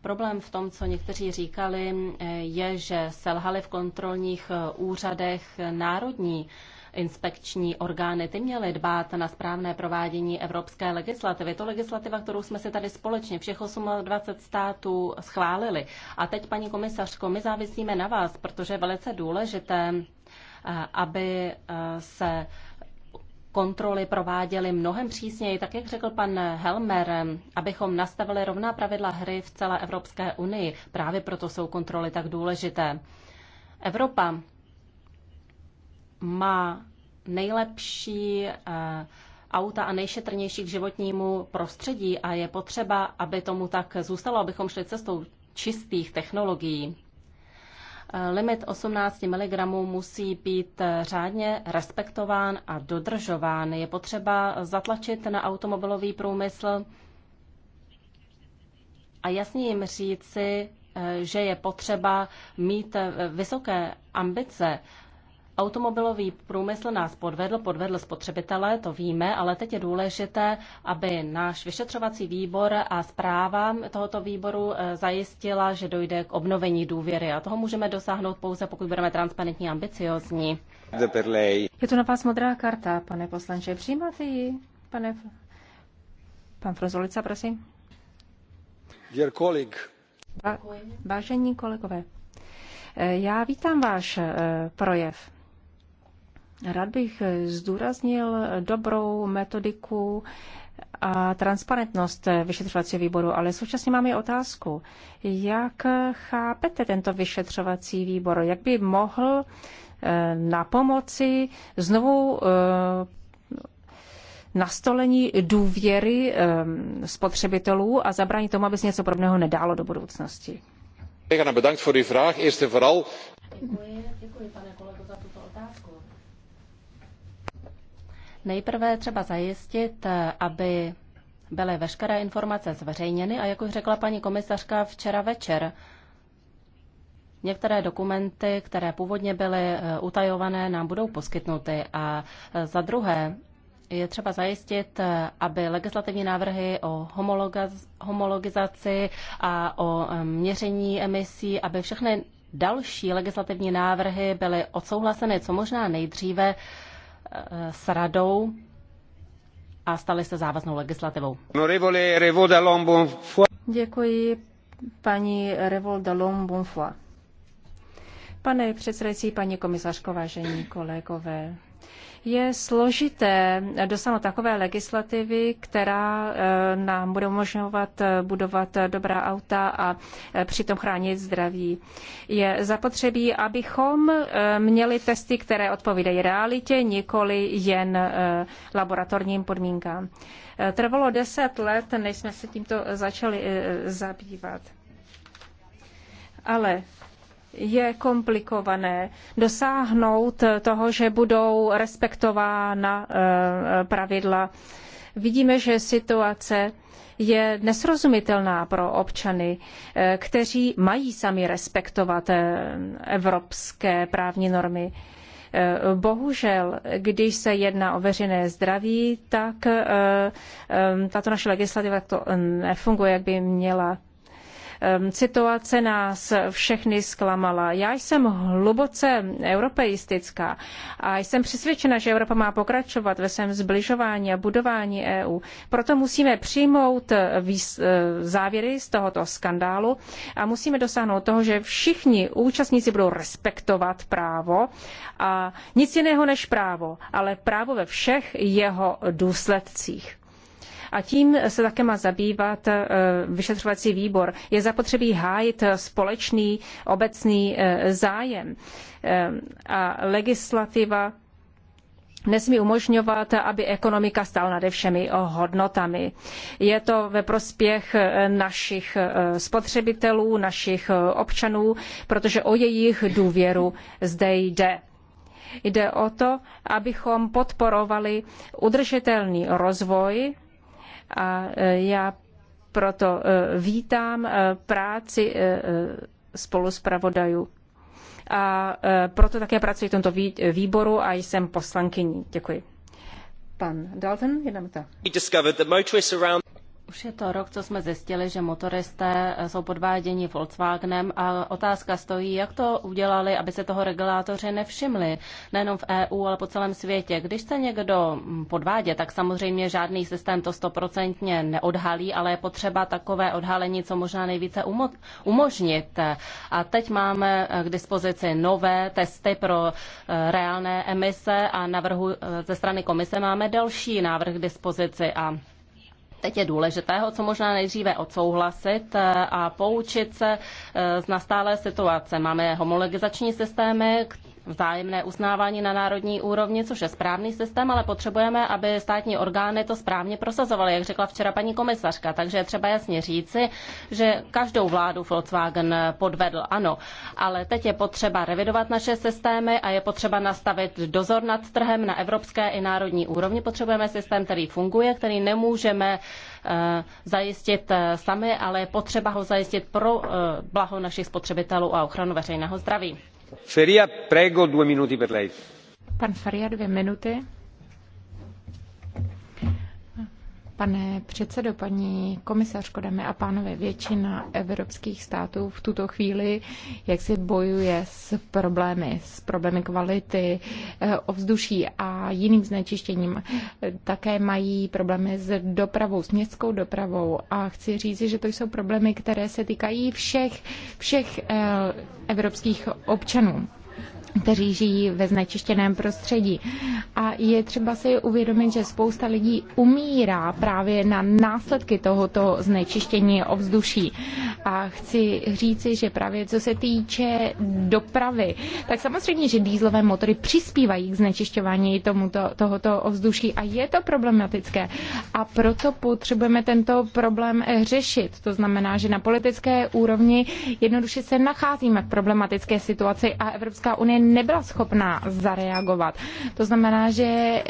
Problém v tom, co někteří říkali, eh, je, že selhali v kontrolních úřadech národní inspekční orgány. Ty měly dbát na správné provádění evropské legislativy. To legislativa, kterou jsme si tady společně všech 28 států schválili. A teď, paní komisařko, my závisíme na vás, protože je velice důležité Eh, aby eh, se kontroly prováděly mnohem přísněji, tak jak řekl pan Helmer, abychom nastavili rovná pravidla hry v celé Evropské unii. Právě proto jsou kontroly tak důležité. Evropa má nejlepší eh, auta a nejšetrnější k životnímu prostředí a je potřeba, aby tomu tak zůstalo, abychom šli cestou čistých technologií limit 18 mg musí být řádně respektován a dodržován. Je potřeba zatlačit na automobilový průmysl a jasně jim říci, eh, že je potřeba mít eh, vysoké ambice Automobilový průmysl nás podvedl, podvedl spotřebitele, to víme, ale teď je důležité, aby náš vyšetřovací výbor a zpráva tohoto výboru eh, zajistila, že dojde k obnovení důvěry. A toho můžeme dosáhnout pouze, pokud budeme transparentní a ambiciozní. Je tu na vás modrá karta, pane poslanče. Přijímáte ji, pane... Pan Frozolica, prosím. Dear colleague. Vážení kolegové, eh, já vítám váš eh, projev. Rád bych zdůraznil dobrou metodiku a transparentnost vyšetřovacího výboru, ale současně máme otázku, jak chápete tento vyšetřovací výbor, jak by mohl eh, na pomoci znovu eh, nastolení důvěry eh, spotřebitelů a zabránit tomu, aby se něco podobného nedálo do budoucnosti. Děkuji, děkuji pane Nejprve třeba zajistit, eh, aby byly veškeré informace zveřejněny a jak už řekla paní komisařka včera večer, Některé dokumenty, které původně byly eh, utajované, nám budou poskytnuty. A eh, za druhé, je třeba zajistit, aby legislativní návrhy o homologizaci a o měření emisí, aby všechny další legislativní návrhy byly odsouhlaseny co možná nejdříve, Eh, s radou a staly se závaznou legislativou. Děkuji paní Revolda Lombonfoy. Pane předsedající, paní komisařko, vážení kolegové, je složité dosáhnout takové legislativy, která eh, nám bude umožňovat eh, budovat eh, dobrá auta a přitom chránit zdraví. Je zapotřebí, abychom měli testy, které odpovídají realitě, nikoli jen laboratorním podmínkám. Trvalo deset let, než jsme se tímto začali zabývat. Ale je komplikované dosáhnout toho, že budou respektována eh, pravidla. Vidíme, že situace je nesrozumitelná pro občany, eh, kteří mají sami respektovat eh, evropské právní normy. Bohužel, když se jedná o veřejné zdraví, tak tato naše legislativa to nefunguje, jak by měla Situace nás všechny zklamala. Já jsem hluboce europeistická a jsem přesvědčena, že Evropa má pokračovat ve svém zbližování a budování EU. Proto musíme přijmout eh, eh, závěry z tohoto skandálu a musíme dosáhnout toho, že všichni účastníci budou respektovat právo a nic jiného než právo, ale právo ve všech jeho důsledcích. A tím se také má zabývat eh, vyšetřovací výbor. Je zapotřebí hájit společný obecný eh, zájem. Eh, a legislativa nesmí umožňovat, aby ekonomika stála nade všemi hodnotami. Je to ve prospěch našich spotřebitelů, našich občanů, protože o jejich důvěru zde jde. Jde o to, abychom podporovali udržitelný rozvoj a e, já proto e, vítám e, práci spoluspravodajů. A proto také pracuji v tomto výboru a jsem poslankyní. Děkuji. Pan Dalton, jedna minuta už je to rok, co jsme zjistili, že motoristé eh, jsou podváděni Volkswagenem a otázka stojí, jak to udělali, aby se toho regulátoři nevšimli, nejenom v EU, ale po celém světě. Když se někdo mm, podvádě, tak samozřejmě žádný systém to stoprocentně neodhalí, ale je potřeba takové odhalení, co možná nejvíce umo- umožnit. A teď máme eh, k dispozici nové testy pro eh, reálné emise a navrhu ze strany komise máme další návrh k dispozici a teď je důležité ho co možná nejdříve odsouhlasit eh, a poučit se eh, z nastálé situace. Máme homologizační systémy, vzájemné uznávání na národní úrovni, což je správný systém, ale potřebujeme, aby státní orgány to správně prosazovaly, jak řekla včera paní komisařka. Takže je třeba jasně říci, že každou vládu Volkswagen podvedl, ano. Ale teď je potřeba revidovat naše systémy a je potřeba nastavit dozor nad trhem na evropské i národní úrovni. Potřebujeme systém, který funguje, který nemůžeme eh, zajistit eh, sami, ale je potřeba ho zajistit pro eh, blaho našich spotřebitelů a ochranu veřejného zdraví. Feria, prego, dvě minuty per lei. Pan Faria, dvě minuty. Pane předsedo, paní komisařko, dámy a pánové, většina evropských států v tuto chvíli jak si bojuje s problémy, s problémy kvality eh, ovzduší a jiným znečištěním. Také mají problémy s dopravou, s městskou dopravou a chci říct, že to jsou problémy, které se týkají všech, všech eh, evropských občanů kteří žijí ve znečištěném prostředí. A je třeba si uvědomit, že spousta lidí umírá právě na následky tohoto znečištění ovzduší. A chci říci, že právě co se týče dopravy, tak samozřejmě, že dýzlové motory přispívají k znečišťování tomuto, tohoto ovzduší a je to problematické. A proto potřebujeme tento problém řešit. To znamená, že na politické úrovni jednoduše se nacházíme v problematické situaci a Evropská unie nebyla schopná zareagovat. To znamená, že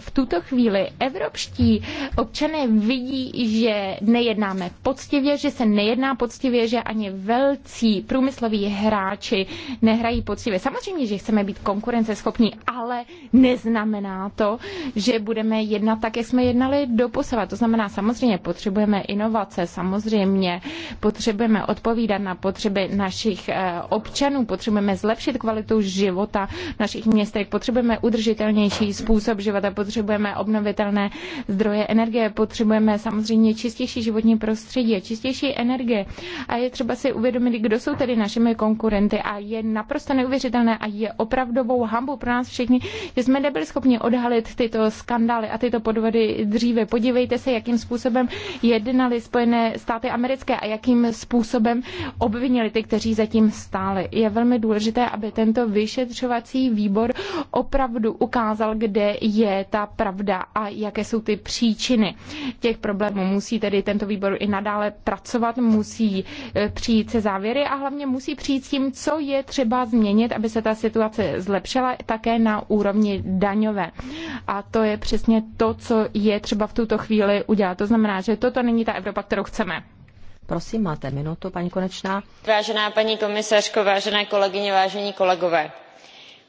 v tuto chvíli evropští občané vidí, že nejednáme poctivě, že se nejedná poctivě, že ani velcí průmysloví hráči nehrají poctivě. Samozřejmě, že chceme být konkurenceschopní, ale neznamená to, že budeme jednat tak, jak jsme jednali do posava. To znamená, samozřejmě potřebujeme inovace, samozřejmě potřebujeme odpovídat na potřeby našich eh, občanů, potřebujeme zlepšit kvalitu života v našich městech, potřebujeme udržitelnější způsob života, potřebujeme obnovitelné zdroje energie, potřebujeme samozřejmě čistější životní prostředí a čistější energie. A je třeba si uvědomit, kdo jsou tedy našimi konkurenty a je naprosto neuvěřitelné a je opravdovou hambou pro nás všichni, že jsme nebyli schopni odhalit tyto skandály a tyto podvody dříve. Podívejte se, jakým způsobem jednali Spojené státy americké a jakým způsobem obvinili ty, kteří zatím stáli. Je velmi důležité, aby tento vyšetřovací výbor opravdu ukázal, kde je ta pravda a jaké jsou ty příčiny těch problémů. Musí tedy tento výbor i nadále pracovat, musí eh, přijít se závěry a hlavně musí přijít s tím, co je třeba změnit, aby se ta situace zlepšila také na úrovni daňové. A to je přesně to, co je třeba v tuto chvíli udělat. To znamená, že toto není ta Evropa, kterou chceme. Prosím, máte minutu, paní Konečná. Vážená paní komisařko, vážené kolegyně, vážení kolegové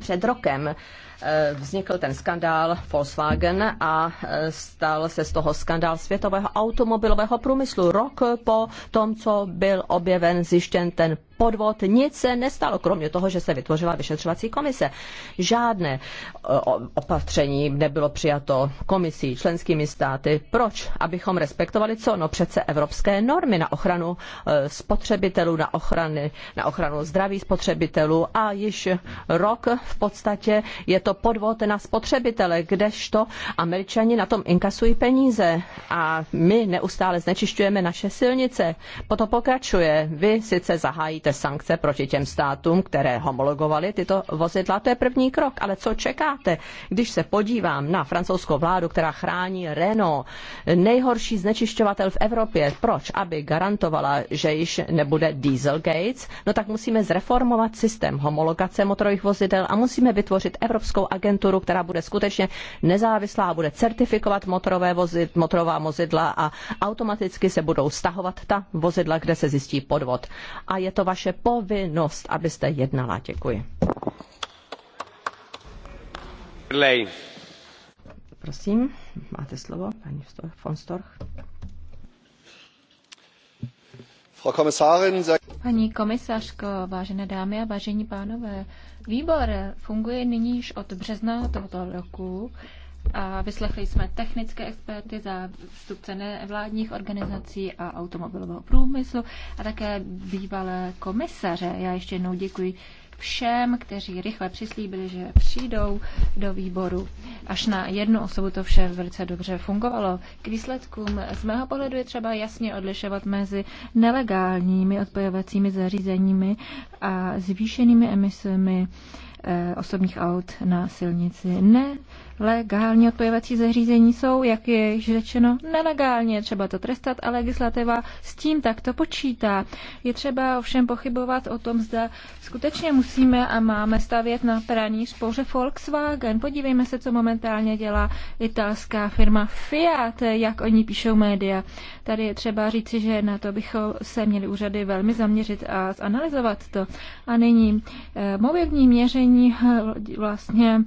před rokem eh, vznikl ten skandál Volkswagen a eh, stal se z toho skandál světového automobilového průmyslu rok po tom, co byl objeven, zjištěn ten podvod, nic se nestalo, kromě toho, že se vytvořila vyšetřovací komise. Žádné eh, opatření nebylo přijato komisí, členskými státy. Proč? Abychom respektovali co? No přece evropské normy na ochranu eh, spotřebitelů, na, ochrany, na ochranu zdraví spotřebitelů a již rok v podstatě je to podvod na spotřebitele, kdežto američani na tom inkasují peníze a my neustále znečišťujeme naše silnice. Potom pokračuje, vy sice zahájíte sankce proti těm státům, které homologovaly tyto vozidla. To je první krok. Ale co čekáte, když se podívám na francouzskou vládu, která chrání Renault, nejhorší znečišťovatel v Evropě? Proč? Aby garantovala, že již nebude Diesel Gates? No tak musíme zreformovat systém homologace motorových vozidel a musíme vytvořit Evropskou agenturu, která bude skutečně nezávislá a bude certifikovat motorové vozid, motorová vozidla a automaticky se budou stahovat ta vozidla, kde se zjistí podvod. A je to vaše vaše povinnost, abyste jednala. Děkuji. Lej. Prosím, máte slovo, paní von Storch. Paní komisařko, vážené dámy a vážení pánové, výbor funguje nyní již od března tohoto roku a vyslechli jsme technické experty, vstupce nevládních organizací a automobilového průmyslu a také bývalé komisaře. Já ještě jednou děkuji všem, kteří rychle přislíbili, že přijdou do výboru. Až na jednu osobu to vše velice dobře fungovalo. K výsledkům z mého pohledu je třeba jasně odlišovat mezi nelegálními odpojovacími zařízeními a zvýšenými emisemi eh, osobních aut na silnici. Ne legální odpojovací zařízení jsou, jak je již řečeno, nelegálně, třeba to trestat a legislativa s tím takto počítá. Je třeba ovšem pochybovat o tom, zda skutečně musíme a máme stavět na praní spouře Volkswagen. Podívejme se, co momentálně dělá italská firma Fiat, jak oni píšou média. Tady je třeba říci, že na to bychom se měli úřady velmi zaměřit a zanalizovat to. A nyní eh, mobilní měření eh, vlastně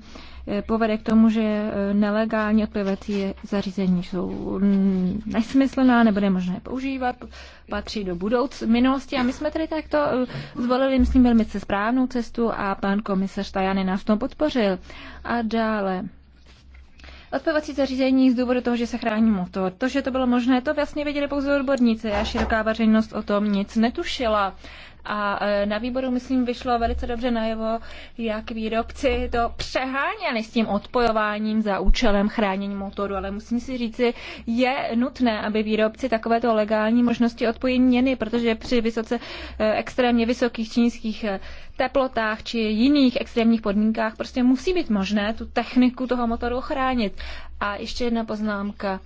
Eh, povede k tomu, že eh, nelegální odplivací zařízení jsou mm, nesmyslná nebo možné používat, patří do budouc minulosti a my jsme tedy takto eh, zvolili, myslím, velmi správnou cestu a pan komisař Tajany nás v tom podpořil. A dále. Odpovací zařízení z důvodu toho, že se chrání motor. To, že to bylo možné, to vlastně věděli pouze odborníci a široká veřejnost o tom nic netušila. A e, na výboru, myslím, vyšlo velice dobře najevo, jak výrobci to přeháněli s tím odpojováním za účelem chránění motoru. Ale musím si říci, je nutné, aby výrobci takovéto legální možnosti odpojení měny, protože při vysoce e, extrémně vysokých čínských e, teplotách či jiných extrémních podmínkách prostě musí být možné tu techniku toho motoru ochránit. A ještě jedna poznámka.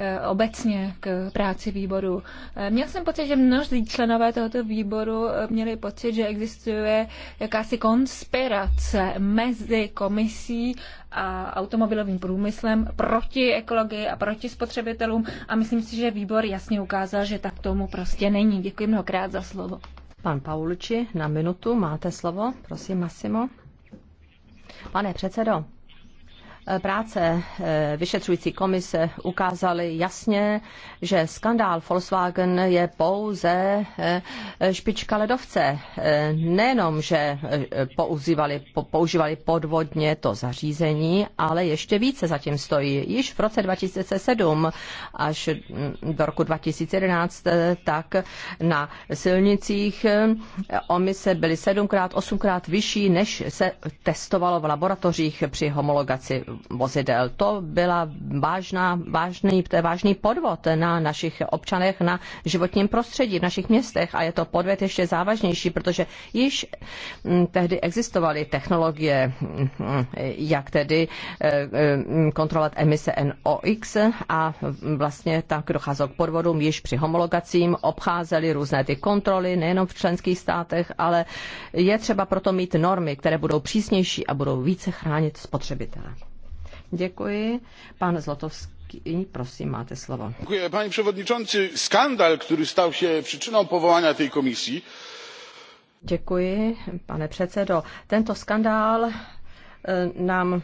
Eh, obecně k práci výboru. Eh, měl jsem pocit, že mnozí členové tohoto výboru eh, měli pocit, že existuje jakási konspirace mezi komisí a automobilovým průmyslem proti ekologii a proti spotřebitelům a myslím si, že výbor jasně ukázal, že tak tomu prostě není. Děkuji mnohokrát za slovo. Pan Pauluči, na minutu máte slovo. Prosím, Massimo. Pane předsedo, práce eh, vyšetřující komise ukázaly jasně, že skandál Volkswagen je pouze eh, špička ledovce. Eh, nejenom, že používali, používali podvodně to zařízení, ale ještě více zatím stojí. Již v roce 2007 až mm, do roku 2011, tak na silnicích omise byly sedmkrát, osmkrát vyšší, než se testovalo v laboratořích při homologaci vozidel. To byla vážná, vážný, vážný podvod na našich občanech, na životním prostředí v našich městech a je to podvod ještě závažnější, protože již mm, tehdy existovaly technologie, mm, jak tedy eh, eh, kontrolovat emise NOx a vlastně tak docházelo k podvodům již při homologacím, obcházeli různé ty kontroly, nejenom v členských státech, ale je třeba proto mít normy, které budou přísnější a budou více chránit spotřebitele. Děkuji. Pan Zlotovský, prosím, máte slovo. Děkuji, pane Przewodniczący, Skandal, který stal se příčinou povolání tej komisji. Děkuji, pane předsedo. Tento skandal e, nám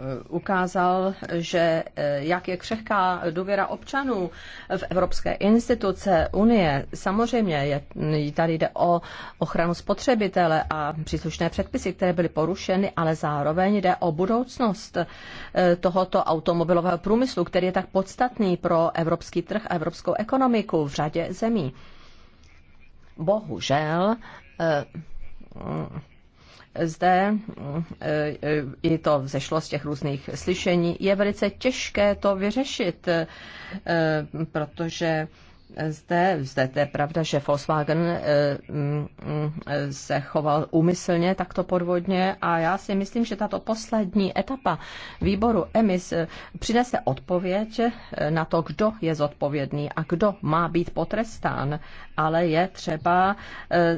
Eh, ukázal, že eh, jak je křehká důvěra občanů v evropské instituce Unie. Samozřejmě je, tady jde o ochranu spotřebitele a příslušné předpisy, které byly porušeny, ale zároveň jde o budoucnost eh, tohoto automobilového průmyslu, který je tak podstatný pro evropský trh a evropskou ekonomiku v řadě zemí. Bohužel zde eh, i to vzešlo z těch různých slyšení, je velice těžké to vyřešit, eh, protože zde, zde to je pravda, že Volkswagen eh, mm, mm, se choval úmyslně takto podvodně a já si myslím, že tato poslední etapa výboru EMIS eh, přinese odpověď eh, na to, kdo je zodpovědný a kdo má být potrestán, ale je třeba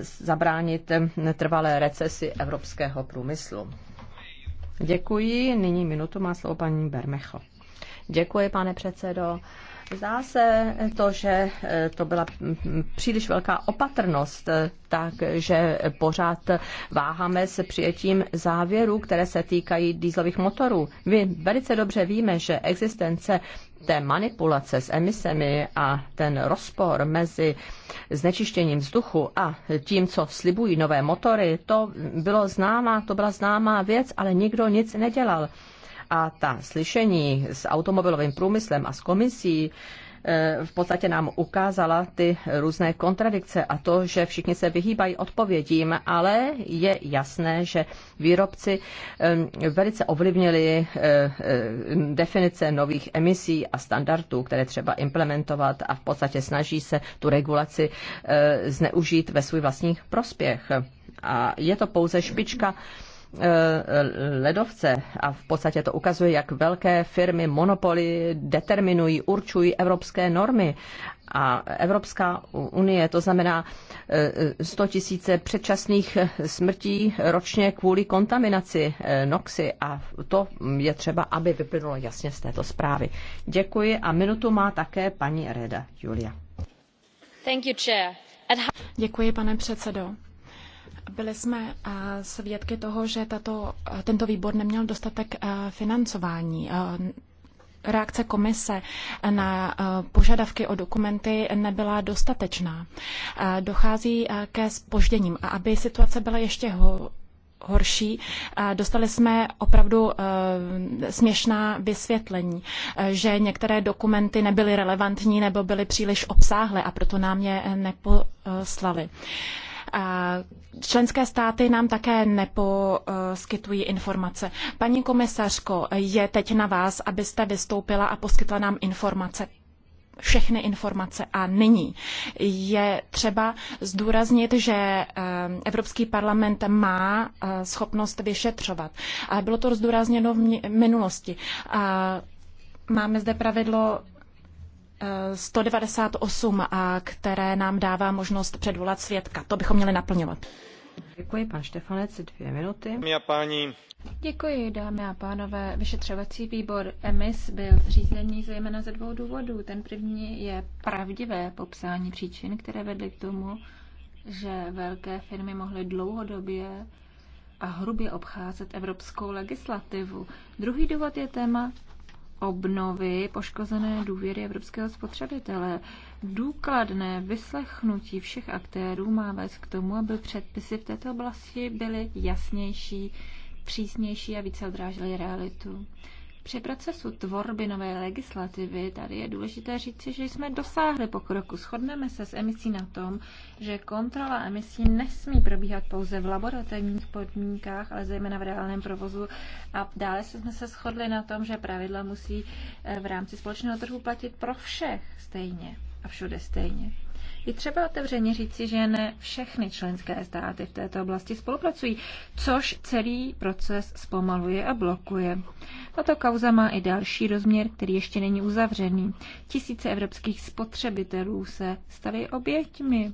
zabránit trvalé recesi evropského průmyslu. Děkuji. Nyní minutu má slovo paní Bermecho. Děkuji, pane předsedo. Zdá se to, že eh, to byla mm, mm, příliš velká opatrnost, eh, takže pořád váháme s přijetím závěrů, které se týkají dýzlových motorů. My velice dobře víme, že existence té manipulace s emisemi a ten rozpor mezi znečištěním vzduchu a tím, co slibují nové motory, to bylo známá, to byla známá věc, ale nikdo nic nedělal a ta slyšení s automobilovým průmyslem a s komisí eh, v podstatě nám ukázala ty různé kontradikce a to, že všichni se vyhýbají odpovědím, ale je jasné, že výrobci eh, velice ovlivnili eh, definice nových emisí a standardů, které třeba implementovat a v podstatě snaží se tu regulaci zneužít ve svůj vlastní prospěch. A je to pouze špička Eh, ledovce a v podstatě to ukazuje, jak velké firmy, monopoly determinují, určují evropské normy a Evropská unie, to znamená 100 eh, tisíce předčasných smrtí ročně kvůli kontaminaci eh, noxy a to je třeba, aby vyplynulo jasně z této zprávy. Děkuji a minutu má také paní Reda Julia. Thank you, chair. Děkuji, pane předsedo. Byli jsme eh, svědky toho, že tato, eh, tento výbor neměl dostatek eh, financování. Reakce komise na požadavky o dokumenty nebyla dostatečná. Dochází ke spožděním a aby situace byla ještě horší. Dostali jsme opravdu směšná vysvětlení, že některé dokumenty nebyly relevantní nebo byly příliš obsáhlé a proto nám je neposlali. Členské státy nám také neposkytují informace. Paní komisařko, je teď na vás, abyste vystoupila a poskytla nám informace všechny informace a nyní. Je třeba zdůraznit, že eh, Evropský parlament má eh, schopnost vyšetřovat. Bylo to zdůrazněno v minulosti. Máme zde pravidlo 198, a které nám dává možnost předvolat svědka. To bychom měli naplňovat. Děkuji, pan Štefanec, dvě minuty. Dámy a páni. Děkuji, dámy a pánové. Vyšetřovací výbor EMIS byl zřízený zejména ze dvou důvodů. Ten první je pravdivé popsání příčin, které vedly k tomu, že velké firmy mohly dlouhodobě a hrubě obcházet evropskou legislativu. Druhý důvod je téma obnovy poškozené důvěry evropského spotřebitele. Důkladné vyslechnutí všech aktérů má vést k tomu, aby předpisy v této oblasti byly jasnější, přísnější a více odrážely realitu. Při procesu tvorby nové legislativy tady je důležité říci, že jsme dosáhli pokroku. Shodneme se s emisí na tom, že kontrola emisí nesmí probíhat pouze v laboratorních podmínkách, ale zejména v reálném provozu. A dále jsme se shodli na tom, že pravidla musí eh, v rámci společného trhu platit pro všech stejně a všude stejně. Je třeba otevřeně říci, že ne všechny členské státy v této oblasti spolupracují, což celý proces zpomaluje a blokuje. Tato kauza má i další rozměr, který ještě není uzavřený. Tisíce evropských spotřebitelů se staly oběťmi.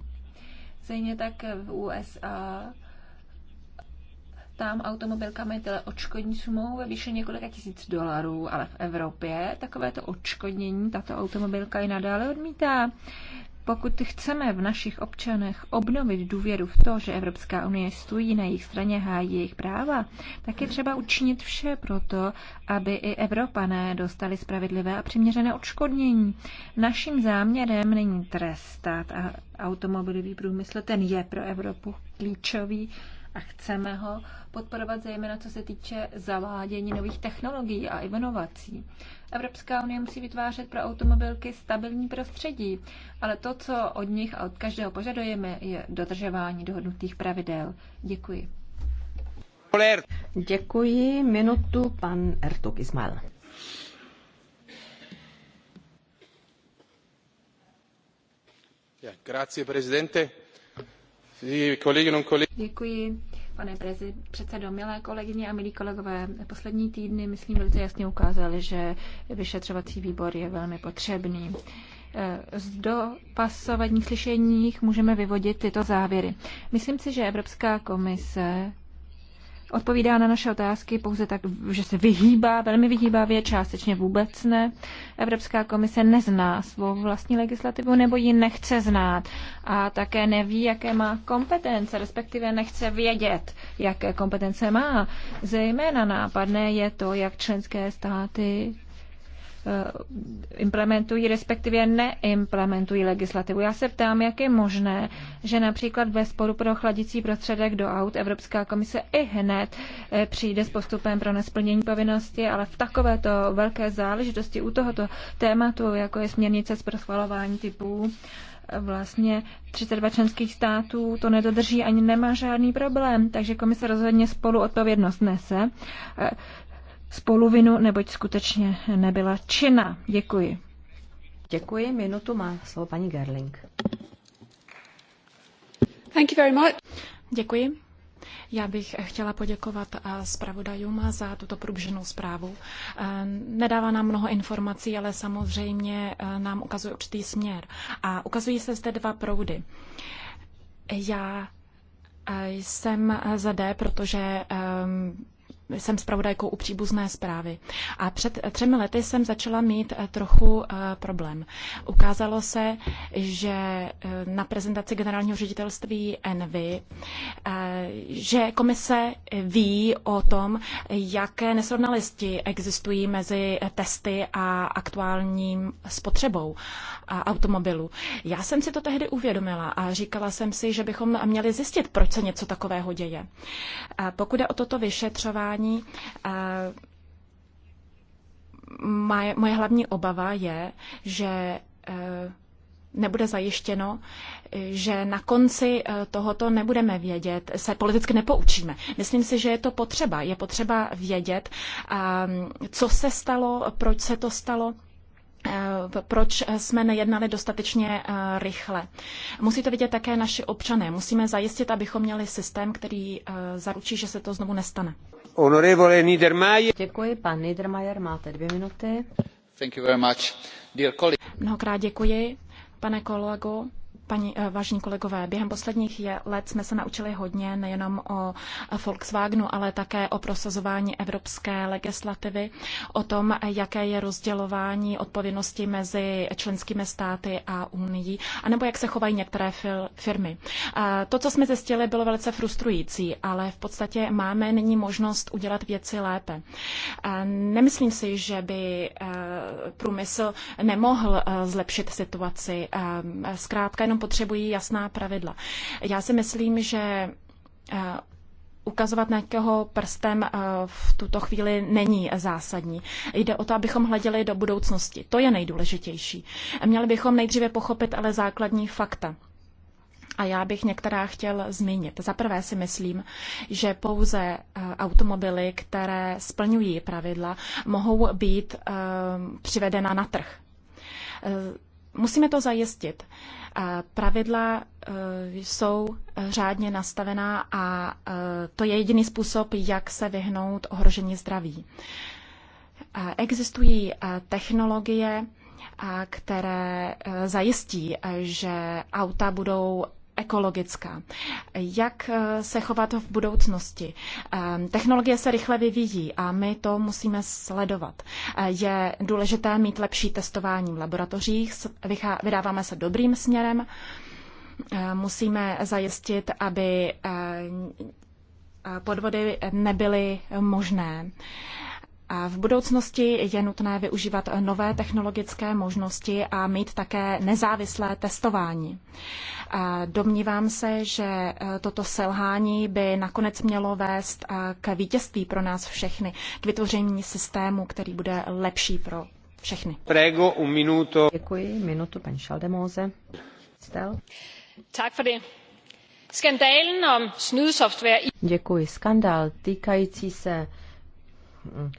Zejmě tak v USA tam automobilka majitele odškodní sumou ve výši několika tisíc dolarů, ale v Evropě takovéto odškodnění tato automobilka i nadále odmítá. Pokud chceme v našich občanech obnovit důvěru v to, že Evropská unie stojí na jejich straně, hájí jejich práva, tak je třeba učinit vše proto, aby i Evropané dostali spravedlivé a přiměřené odškodnění. Naším záměrem není trestat a automobilový průmysl, ten je pro Evropu klíčový, a chceme ho podporovat zejména co se týče zavádění nových technologií a inovací. Evropská unie musí vytvářet pro automobilky stabilní prostředí, ale to, co od nich a od každého požadujeme, je dodržování dohodnutých pravidel. Děkuji. Děkuji. Minutu pan Ertuk Ismail. Děkuji. Pane prezi, předsedo, milé kolegyně a milí kolegové, poslední týdny, myslím, velice jasně ukázali, že vyšetřovací výbor je velmi potřebný. E, z dopasovaných slyšeních můžeme vyvodit tyto závěry. Myslím si, že Evropská komise odpovídá na naše otázky pouze tak, že se vyhýbá, velmi vyhýbavě, částečně vůbec ne. Evropská komise nezná svou vlastní legislativu nebo ji nechce znát a také neví, jaké má kompetence, respektive nechce vědět, jaké kompetence má. Zejména nápadné je to, jak členské státy Eh, implementují, respektive neimplementují legislativu. Já se ptám, jak je možné, že například ve sporu pro chladicí prostředek do aut Evropská komise i hned eh, přijde s postupem pro nesplnění povinnosti, ale v takovéto velké záležitosti u tohoto tématu, jako je směrnice z proschvalování typů, eh, vlastně 32 členských států to nedodrží ani nemá žádný problém, takže komise rozhodně spolu odpovědnost nese spoluvinu, neboť skutečně nebyla čina. Děkuji. Děkuji, minutu má slovo paní Gerling. Thank you very much. Děkuji. Já bych chtěla poděkovat eh, zpravodajům za tuto průběžnou zprávu. Eh, nedává nám mnoho informací, ale samozřejmě eh, nám ukazuje určitý směr. A ukazují se zde dva proudy. Já jsem D, protože ehm, jsem zpravodajkou u příbuzné zprávy. A před třemi lety jsem začala mít eh, trochu eh, problém. Ukázalo se, že eh, na prezentaci generálního ředitelství Envy, že komise ví o tom, jaké nesrovnalosti existují mezi testy a aktuálním spotřebou automobilu. Já jsem si to tehdy uvědomila a říkala jsem si, že bychom měli zjistit, proč se něco takového děje. Pokud je o toto vyšetřování, Eh, moje, Moje hlavní obava je, že eh, nebude zajištěno, že na konci eh, tohoto nebudeme vědět, se politicky nepoučíme. Myslím si, že je to potřeba. Je potřeba vědět, co se stalo, proč se to stalo, proč jsme nejednali dostatečně rychle. Musí to vidět také naši občané. Musíme zajistit, abychom měli systém, který zaručí, že se to znovu nestane. Děkuji, pan Niedermayer, máte dvě minuty. Mnohokrát děkuji, pane kolego. Pani eh, vážení kolegové, během posledních let jsme se naučili hodně nejenom o Volkswagenu, ale také o prosazování evropské legislativy, o tom, jaké je rozdělování odpovědnosti mezi členskými státy a unii, anebo jak se chovají některé firmy. Eh, to, co jsme zjistili, bylo velice frustrující, ale v podstatě máme nyní možnost udělat věci lépe. Eh, nemyslím si, že by průmysl nemohl zlepšit situaci. Zkrátka jenom jenom potřebují jasná pravidla. Já si myslím, že eh, ukazovat na někoho prstem eh, v tuto chvíli není zásadní. Jde o to, abychom hleděli do budoucnosti. To je nejdůležitější. Měli bychom nejdříve pochopit ale základní fakta. A já bych některá chtěl zmínit. Za prvé si myslím, že pouze eh, automobily, které splňují pravidla, mohou být přivedena na trh. Musíme to zajistit. Pravidla eh, jsou řádně nastavená a eh, to je jediný způsob, jak se vyhnout ohrožení zdraví. Existují eh, technologie, které zajistí, že auta budou ekologická. Jak eh, se chovat v budoucnosti? Ehm, technologie se rychle vyvíjí a my to musíme sledovat. Eh, je důležité mít lepší testování v laboratořích, vydáváme se dobrým směrem, eh, musíme zajistit, aby podvody nebyly možné. V budoucnosti je nutné využívat nové technologické možnosti a mít také nezávislé testování. Domnívám se, že eh, toto selhání by nakonec mělo vést eh, k vítězství pro nás všechny, k vytvoření systému, který bude lepší pro všechny. Prego, un minuto. Děkuji, minutu, paní Šaldemóze. Stel. Tak for det. om snydesoftware... Děkuji. Skandál týkající se hm,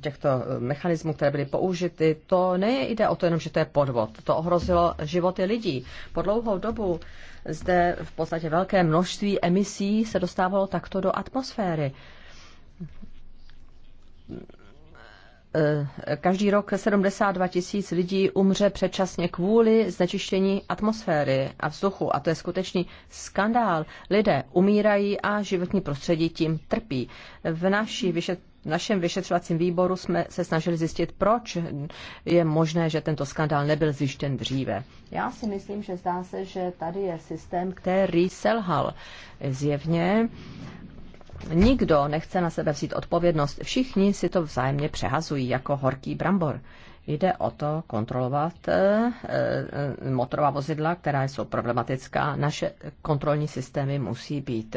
těchto mechanismů, které byly použity, to nejde o to jenom, že to je podvod. To ohrozilo životy lidí. Po dlouhou dobu zde v podstatě velké množství emisí se dostávalo takto do atmosféry Eh, každý rok 72 tisíc lidí umře předčasně kvůli znečištění atmosféry a vzduchu a to je skutečný skandál. Lidé umírají a životní prostředí tím trpí. V naší vyšet v našem vyšetřovacím výboru jsme se snažili zjistit, proč je možné, že tento skandál nebyl zjištěn dříve. Já si myslím, že zdá se, že tady je systém, který selhal. Zjevně Nikdo nechce na sebe vzít odpovědnost, všichni si to vzájemně přehazují jako horký brambor. Jde o to kontrolovat eh, eh, motorová vozidla, která jsou problematická. Naše kontrolní systémy musí být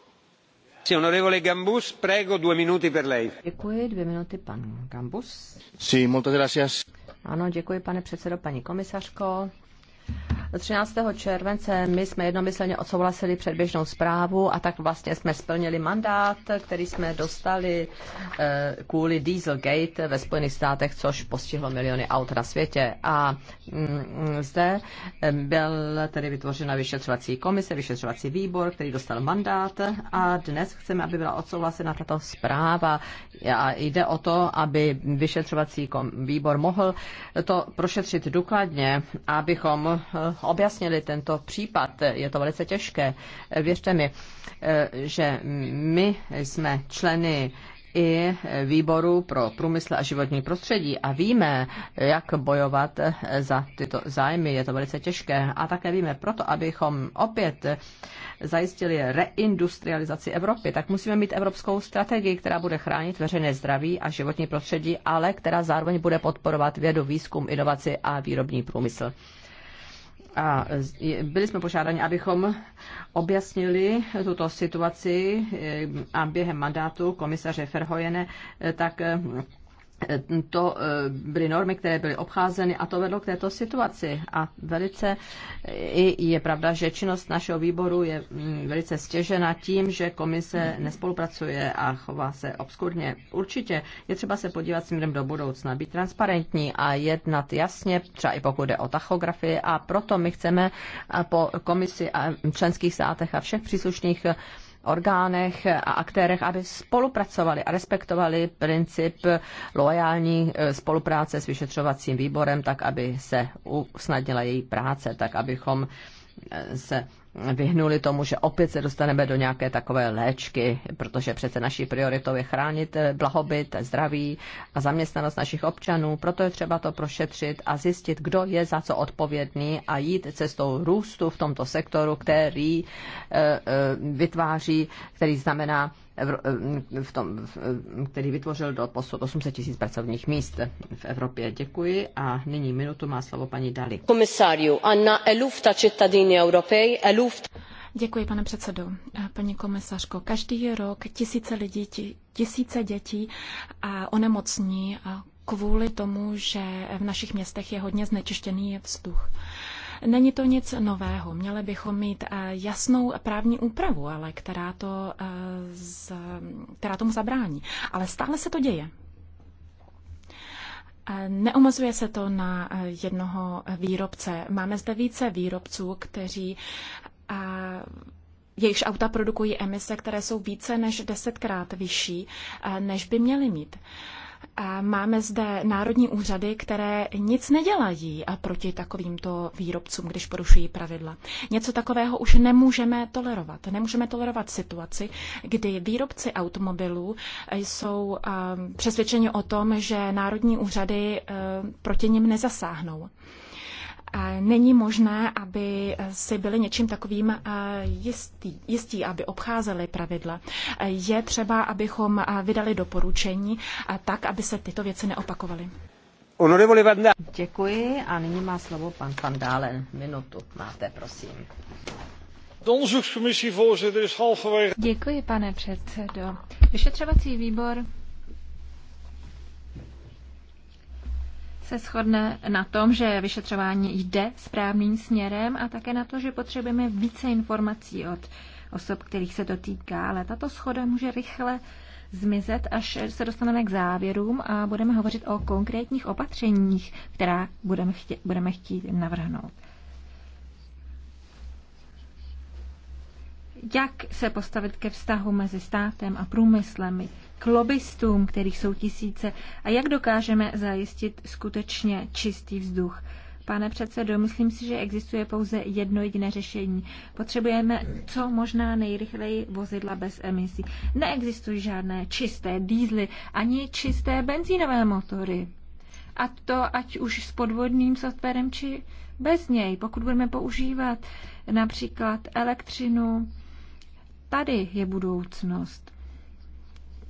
Děkuji, dvě minuty pan Gambus. Sí, muchas gracias. Ano, děkuji, pane předsedo, paní komisařko. 13. července my jsme jednomyslně odsouhlasili předběžnou zprávu a tak vlastně jsme splnili mandát, který jsme dostali eh, kvůli Dieselgate ve Spojených státech, což postihlo miliony aut na světě. A mm, zde eh, byl tedy vytvořena vyšetřovací komise, vyšetřovací výbor, který dostal mandát a dnes chceme, aby byla odsouhlasena tato zpráva. A jde o to, aby vyšetřovací výbor mohl to prošetřit důkladně, abychom eh, objasnili tento případ. Je to velice těžké. Věřte mi, eh, že my jsme členy i výboru pro průmysl a životní prostředí a víme, jak bojovat za tyto zájmy. Je to velice těžké a také víme, proto abychom opět zajistili reindustrializaci Evropy, tak musíme mít evropskou strategii, která bude chránit veřejné zdraví a životní prostředí, ale která zároveň bude podporovat vědu, výzkum, inovaci a výrobní průmysl. A byli jsme požádáni, abychom objasnili tuto situaci eh, a během mandátu komisaře Ferhojene, eh, tak eh, to eh, byly normy, které byly obcházeny a to vedlo k této situaci. A velice je pravda, že činnost našeho výboru je mm, velice stěžena tím, že komise nespolupracuje a chová se obskurně. Určitě je třeba se podívat směrem do budoucna, být transparentní a jednat jasně, třeba i pokud jde o tachografii a proto my chceme po komisi a členských státech a všech příslušných orgánech a aktérech, aby spolupracovali a respektovali princip loajální eh, spolupráce s vyšetřovacím výborem, tak aby se usnadnila její práce, tak abychom eh, se vyhnuli tomu, že opět se dostaneme do nějaké takové léčky, protože přece naší prioritou je chránit eh, blahobyt, zdraví a zaměstnanost našich občanů. Proto je třeba to prošetřit a zjistit, kdo je za co odpovědný a jít cestou růstu v tomto sektoru, který eh, eh, vytváří, který znamená Eh, v tom, eh, který vytvořil do posud 800 tisíc pracovních míst v Evropě. Děkuji a nyní minutu má slovo paní Dali. Komisáriu, Anna Elufta cittadini europei, Elufta. Děkuji, pane předsedo. Eh, paní komisařko, každý rok tisíce lidí, tisíce dětí a onemocní kvůli tomu, že v našich městech je hodně znečištěný vzduch. Není to nic nového. Měli bychom mít eh, jasnou právní úpravu, ale která, to, eh, která tomu zabrání. Ale stále se to děje. Eh, neomezuje se to na jednoho výrobce. Máme zde více výrobců, kteří jejichž auta produkují emise, které jsou více než desetkrát vyšší, než by měly mít. Máme zde národní úřady, které nic nedělají proti takovýmto výrobcům, když porušují pravidla. Něco takového už nemůžeme tolerovat. Nemůžeme tolerovat situaci, kdy výrobci automobilů jsou eh, přesvědčeni o tom, že národní úřady eh, proti nim nezasáhnou. Není možné, aby si byli něčím takovým eh, jistí, jistí, aby obcházeli pravidla. Eh, je třeba, abychom eh, vydali doporučení tak, aby se tyto věci neopakovaly. Děkuji a nyní má slovo pan Van Minutu máte, prosím. Děkuji, pane předsedo. Vyšetřovací výbor se shodne na tom, že vyšetřování jde správným směrem a také na to, že potřebujeme více informací od osob, kterých se to týká, ale tato schoda může rychle zmizet, až se dostaneme k závěrům a budeme hovořit o konkrétních opatřeních, která budeme, chtě, budeme chtít navrhnout. Jak se postavit ke vztahu mezi státem a průmyslem? k lobbystům, kterých jsou tisíce, a jak dokážeme zajistit skutečně čistý vzduch. Pane předsedo, myslím si, že existuje pouze jedno jediné řešení. Potřebujeme co možná nejrychleji vozidla bez emisí. Neexistují žádné čisté dýzly ani čisté benzínové motory. A to ať už s podvodným softwarem či bez něj. Pokud budeme používat například elektřinu, tady je budoucnost.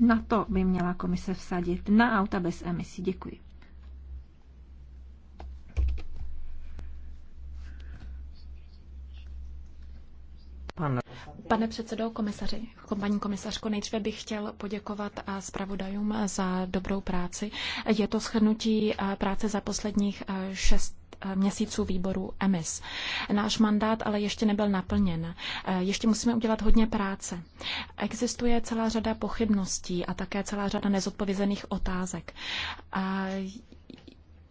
Na to by měla komise vsadit, na auta bez emisí. Děkuji. Pane předsedo, komisaři, paní komisařko, nejdříve bych chtěl poděkovat a eh, zpravodajům eh, za dobrou práci. Je to shrnutí eh, práce za posledních šest Eh, měsíců výboru EMIS. Náš mandát ale ještě nebyl naplněn. Eh, ještě musíme udělat hodně práce. Existuje celá řada pochybností a také celá řada nezodpovězených otázek. A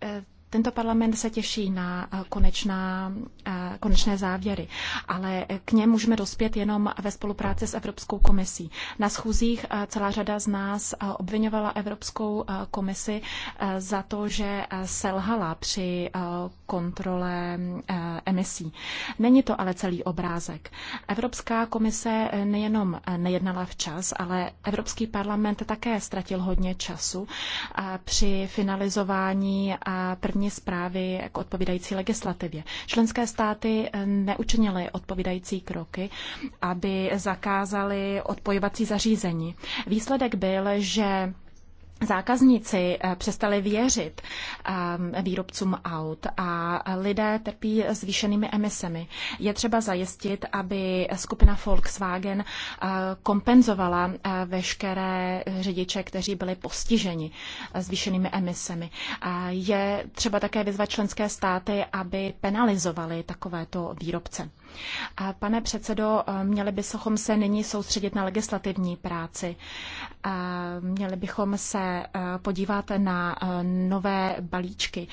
eh, tento parlament se těší na eh, konečná, eh, konečné závěry, ale k něm můžeme dospět jenom ve spolupráci s Evropskou komisí. Na schůzích eh, celá řada z nás obvinovala Evropskou komisi za to, že selhala při kontrole emisí. Není to ale celý obrázek. Evropská komise nejenom nejednala včas, ale Evropský parlament také ztratil hodně času při finalizování první právní zprávy k odpovídající legislativě. Členské státy eh, neučinily odpovídající kroky, aby zakázali odpojovací zařízení. Výsledek byl, že zákazníci eh, přestali věřit eh, výrobcům aut a lidé trpí zvýšenými emisemi. Je třeba zajistit, aby skupina Volkswagen eh, kompenzovala veškeré řidiče, kteří byli postiženi zvýšenými emisemi. Je třeba také vyzvat členské státy, aby penalizovali takovéto výrobce. Pane předsedo, eh, měli bychom se nyní soustředit na legislativní práci. Eh, měli bychom se eh, podívat na nové balíčky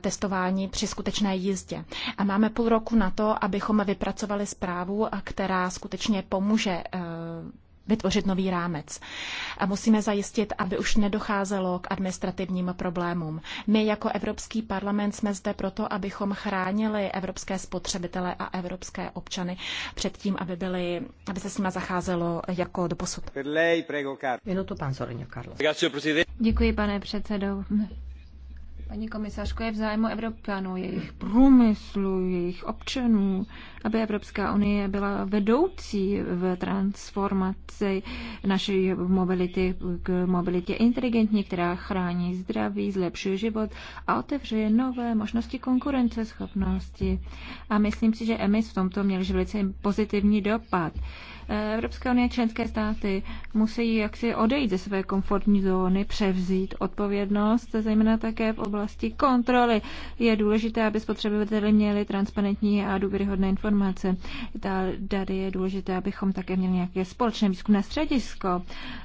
testování při skutečné jízdě. A máme půl roku na to, abychom vypracovali zprávu, která skutečně pomůže vytvořit nový rámec. A musíme zajistit, aby už nedocházelo k administrativním problémům. My jako Evropský parlament jsme zde proto, abychom chránili evropské spotřebitele a evropské občany před tím, aby, byli, aby se s nimi zacházelo jako do posud. Carlos. Děkuji, pane předsedo. Paní komisařko, je v zájmu Evropanů, jejich průmyslu, jejich občanů, aby Evropská unie byla vedoucí v transformaci naší mobility k mobilitě inteligentní, která chrání zdraví, zlepšuje život a otevřuje nové možnosti konkurenceschopnosti. A myslím si, že EMIS v tomto měl velice pozitivní dopad. Evropská unie členské státy musí jaksi odejít ze své komfortní zóny, převzít odpovědnost, zejména také v oblasti kontroly. Je důležité, aby spotřebitelé měli transparentní a důvěryhodné informace. Tady je důležité, abychom také měli nějaké společné výzkumné středisko.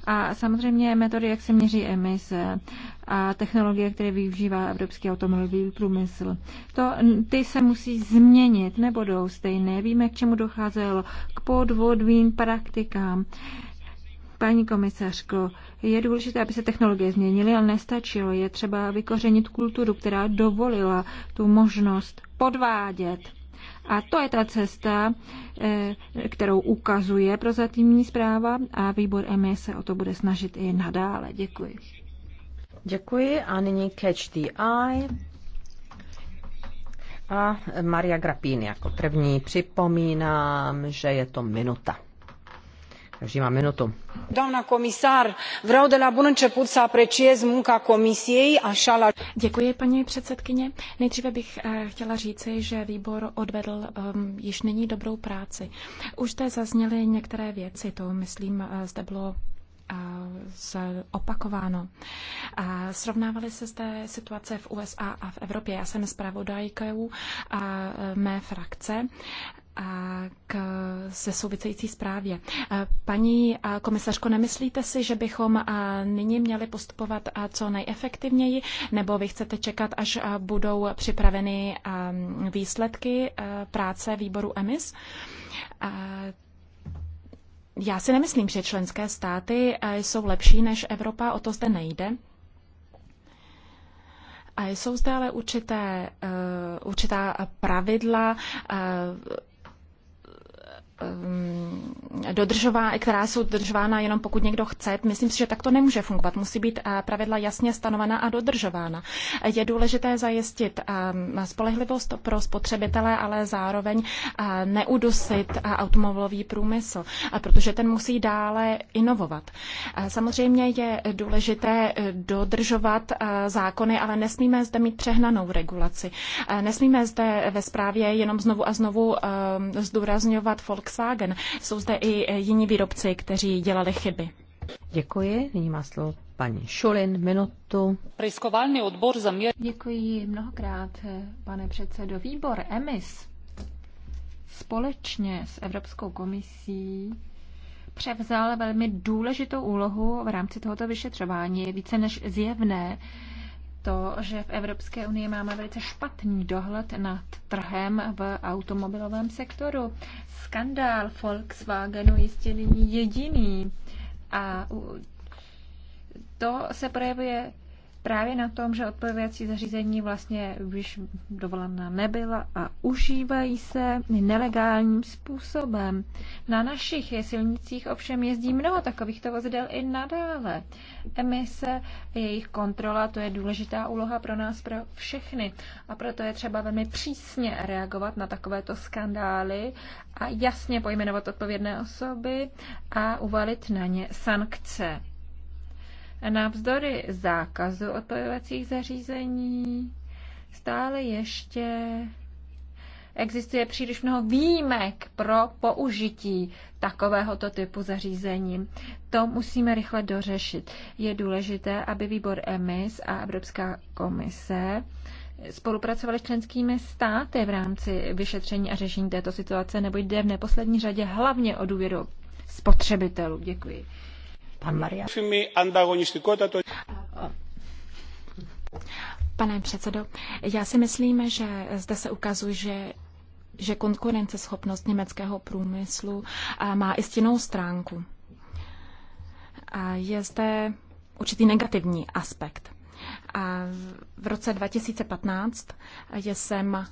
A samozřejmě metody, jak se měří emise a technologie, které využívá evropský automobilový průmysl. To, ty se musí změnit, nebudou stejné. Víme, k čemu docházelo k podvodům, praktikám. Paní komisařko, je důležité, aby se technologie změnily, ale nestačilo. Je třeba vykořenit kulturu, která dovolila tu možnost podvádět. A to je ta cesta, eh, kterou ukazuje prozatímní zpráva a výbor EMI se o to bude snažit i nadále. Děkuji. Děkuji a nyní Catch the Eye. A Maria Grapín jako první připomínám, že je to minuta. Každý má minutu. Doamna komisar, vreau de la bun început să apreciez munca comisiei, așa la... Děkuji, paní předsedkyně. Nejdříve bych eh, chtěla říci, že výbor odvedl um, již nyní dobrou práci. Už zde zazněly některé věci, to myslím eh, zde bylo eh, opakováno. A srovnávaly se zde situace v USA a v Evropě. Já jsem zpravodajkou mé frakce a k, se související zprávě. Paní komisařko, nemyslíte si, že bychom nyní měli postupovat co nejefektivněji, nebo vy chcete čekat, až budou připraveny výsledky práce výboru EMIS? Já si nemyslím, že členské státy jsou lepší než Evropa, o to zde nejde. A jsou zde ale určité, e, určitá pravidla, e, Ehm, dodržová, která jsou dodržována jenom pokud někdo chce. Myslím si, že tak to nemůže fungovat. Musí být eh, pravidla jasně stanovená a dodržována. Je důležité zajistit ehm, spolehlivost pro spotřebitele, ale zároveň eh, neudusit eh, automobilový průmysl, protože ten musí dále inovovat. Samozřejmě je důležité dodržovat zákony, ale nesmíme zde mít přehnanou regulaci. Nesmíme zde ve zprávě jenom znovu a znovu ehm, zdůrazňovat Volkswagen Volkswagen. Jsou zde i eh, jiní výrobci, kteří dělali chyby. Děkuji. Nyní má slovo paní Šulin. Minutu. odbor za mě... Děkuji mnohokrát, eh, pane předsedo. Výbor EMIS společně s Evropskou komisí převzal velmi důležitou úlohu v rámci tohoto vyšetřování. Je více než zjevné to, že v Evropské unii máme velice špatný dohled nad trhem v automobilovém sektoru skandál Volkswagenu jistě není jediný. A to se projevuje právě na tom, že odpovědací zařízení vlastně už dovolená nebyla a užívají se nelegálním způsobem. Na našich silnicích ovšem jezdí mnoho takovýchto vozidel i nadále. Emise, jejich kontrola, to je důležitá úloha pro nás, pro všechny. A proto je třeba velmi přísně reagovat na takovéto skandály a jasně pojmenovat odpovědné osoby a uvalit na ně sankce. Navzdory zákazu odpojovacích zařízení stále ještě existuje příliš mnoho výjimek pro použití takovéhoto typu zařízení. To musíme rychle dořešit. Je důležité, aby výbor EMIS a Evropská komise spolupracovali s členskými státy v rámci vyšetření a řešení této situace, nebo jde v neposlední řadě hlavně o důvěru spotřebitelů. Děkuji. Pane předsedo, já si myslím, že zde se ukazuje, že že konkurenceschopnost německého průmyslu má i stinnou stránku. A je zde určitý negativní aspekt. A v roce 2015 jsem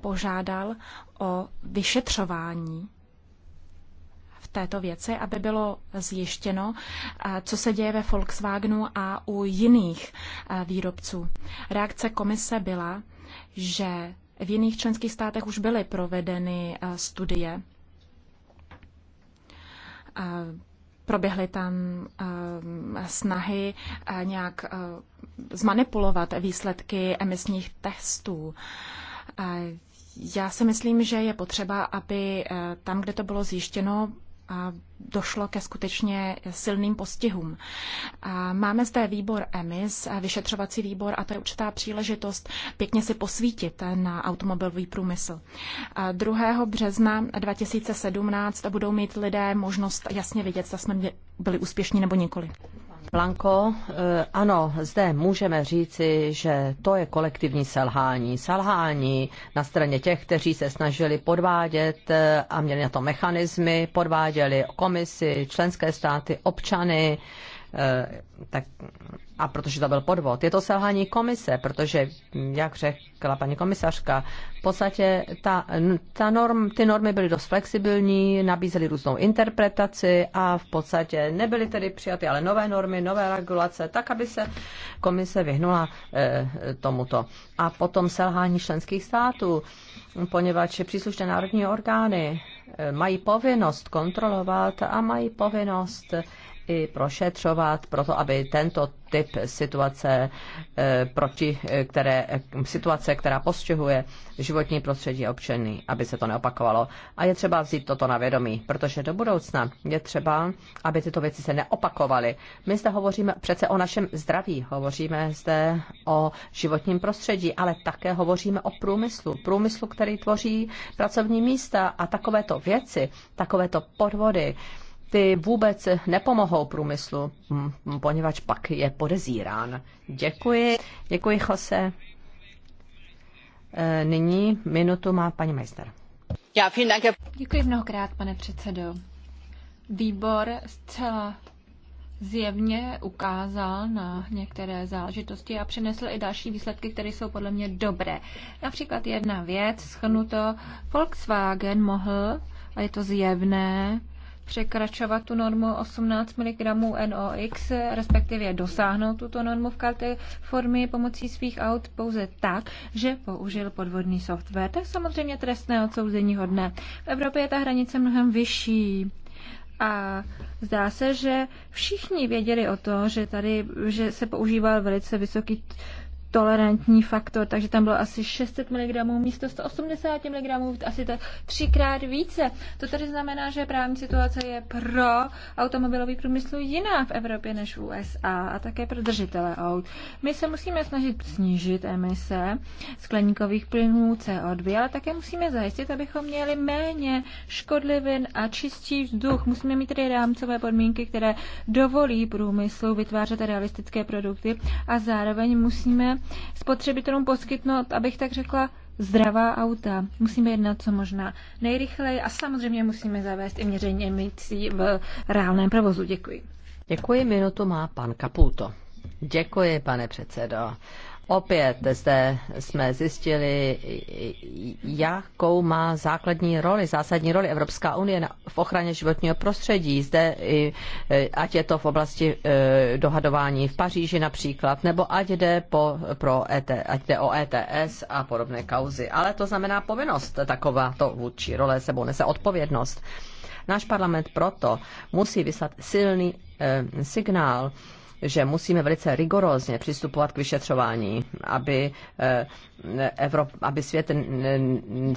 požádal o vyšetřování této věci, aby bylo zjištěno, co se děje ve Volkswagenu a u jiných výrobců. Reakce komise byla, že v jiných členských státech už byly provedeny studie. Proběhly tam snahy nějak zmanipulovat výsledky emisních testů. Já si myslím, že je potřeba, aby e, tam, kde to bylo zjištěno, došlo ke skutečně silným postihům. Máme zde výbor EMIS, vyšetřovací výbor, a to je určitá příležitost pěkně si posvítit na automobilový průmysl. 2. března 2017 budou mít lidé možnost jasně vidět, zda jsme byli úspěšní nebo nikoli. Blanko, eh, ano, zde můžeme říci, že to je kolektivní selhání. Selhání na straně těch, kteří se snažili podvádět eh, a měli na to mechanismy, podváděli komisi, členské státy, občany, Eh, tak, a protože to byl podvod. Je to selhání komise, protože, jak řekla paní komisařka, v podstatě ta, ta norm, ty normy byly dost flexibilní, nabízely různou interpretaci a v podstatě nebyly tedy přijaty ale nové normy, nové regulace, tak, aby se komise vyhnula eh, tomuto. A potom selhání členských států, poněvadž příslušné národní orgány eh, mají povinnost kontrolovat a mají povinnost i prošetřovat, proto aby tento typ situace, eh, proti eh, které, eh, situace, která postihuje životní prostředí občany, aby se to neopakovalo. A je třeba vzít toto na vědomí, protože do budoucna je třeba, aby tyto věci se neopakovaly. My zde hovoříme přece o našem zdraví, hovoříme zde o životním prostředí, ale také hovoříme o průmyslu. Průmyslu, který tvoří pracovní místa a takovéto věci, takovéto podvody, ty vůbec nepomohou průmyslu, poněvadž pak je podezírán. Děkuji, děkuji, Jose. E, nyní minutu má paní majster. Děkuji mnohokrát, pane předsedo. Výbor zcela zjevně ukázal na některé záležitosti a přinesl i další výsledky, které jsou podle mě dobré. Například jedna věc, schrnuto, Volkswagen mohl, a je to zjevné, překračovat tu normu 18 mg NOx, respektive dosáhnout tuto normu v formy pomocí svých aut pouze tak, že použil podvodný software. je samozřejmě trestné odsouzení hodné. V Evropě je ta hranice mnohem vyšší. A zdá se, že všichni věděli o to, že tady že se používal velice vysoký tolerantní faktor, takže tam bylo asi 600 mg místo 180 mg, asi to třikrát více. To tedy znamená, že právní situace je pro automobilový průmysl jiná v Evropě než v USA a také pro držitele aut. My se musíme snažit snížit emise skleníkových plynů CO2, ale také musíme zajistit, abychom měli méně škodlivin a čistší vzduch. Musíme mít tedy rámcové podmínky, které dovolí průmyslu vytvářet realistické produkty a zároveň musíme spotřebitelům poskytnout, abych tak řekla, zdravá auta. Musíme jednat co možná nejrychleji a samozřejmě musíme zavést i měření emisí v reálném provozu. Děkuji. Děkuji, minutu má pan Kaputo. Děkuji, pane předsedo. Opět zde jsme zjistili, jakou má základní roli, zásadní roli Evropská unie v ochraně životního prostředí. Zde, e, ať je to v oblasti e, dohadování v Paříži například, nebo ať jde, po, pro ET, ať jde o ETS a podobné kauzy. Ale to znamená povinnost taková to vůči role sebou nese odpovědnost. Náš parlament proto musí vyslat silný e, signál, že musíme velice rigorózně přistupovat k vyšetřování, aby, eh, Evrop, aby svět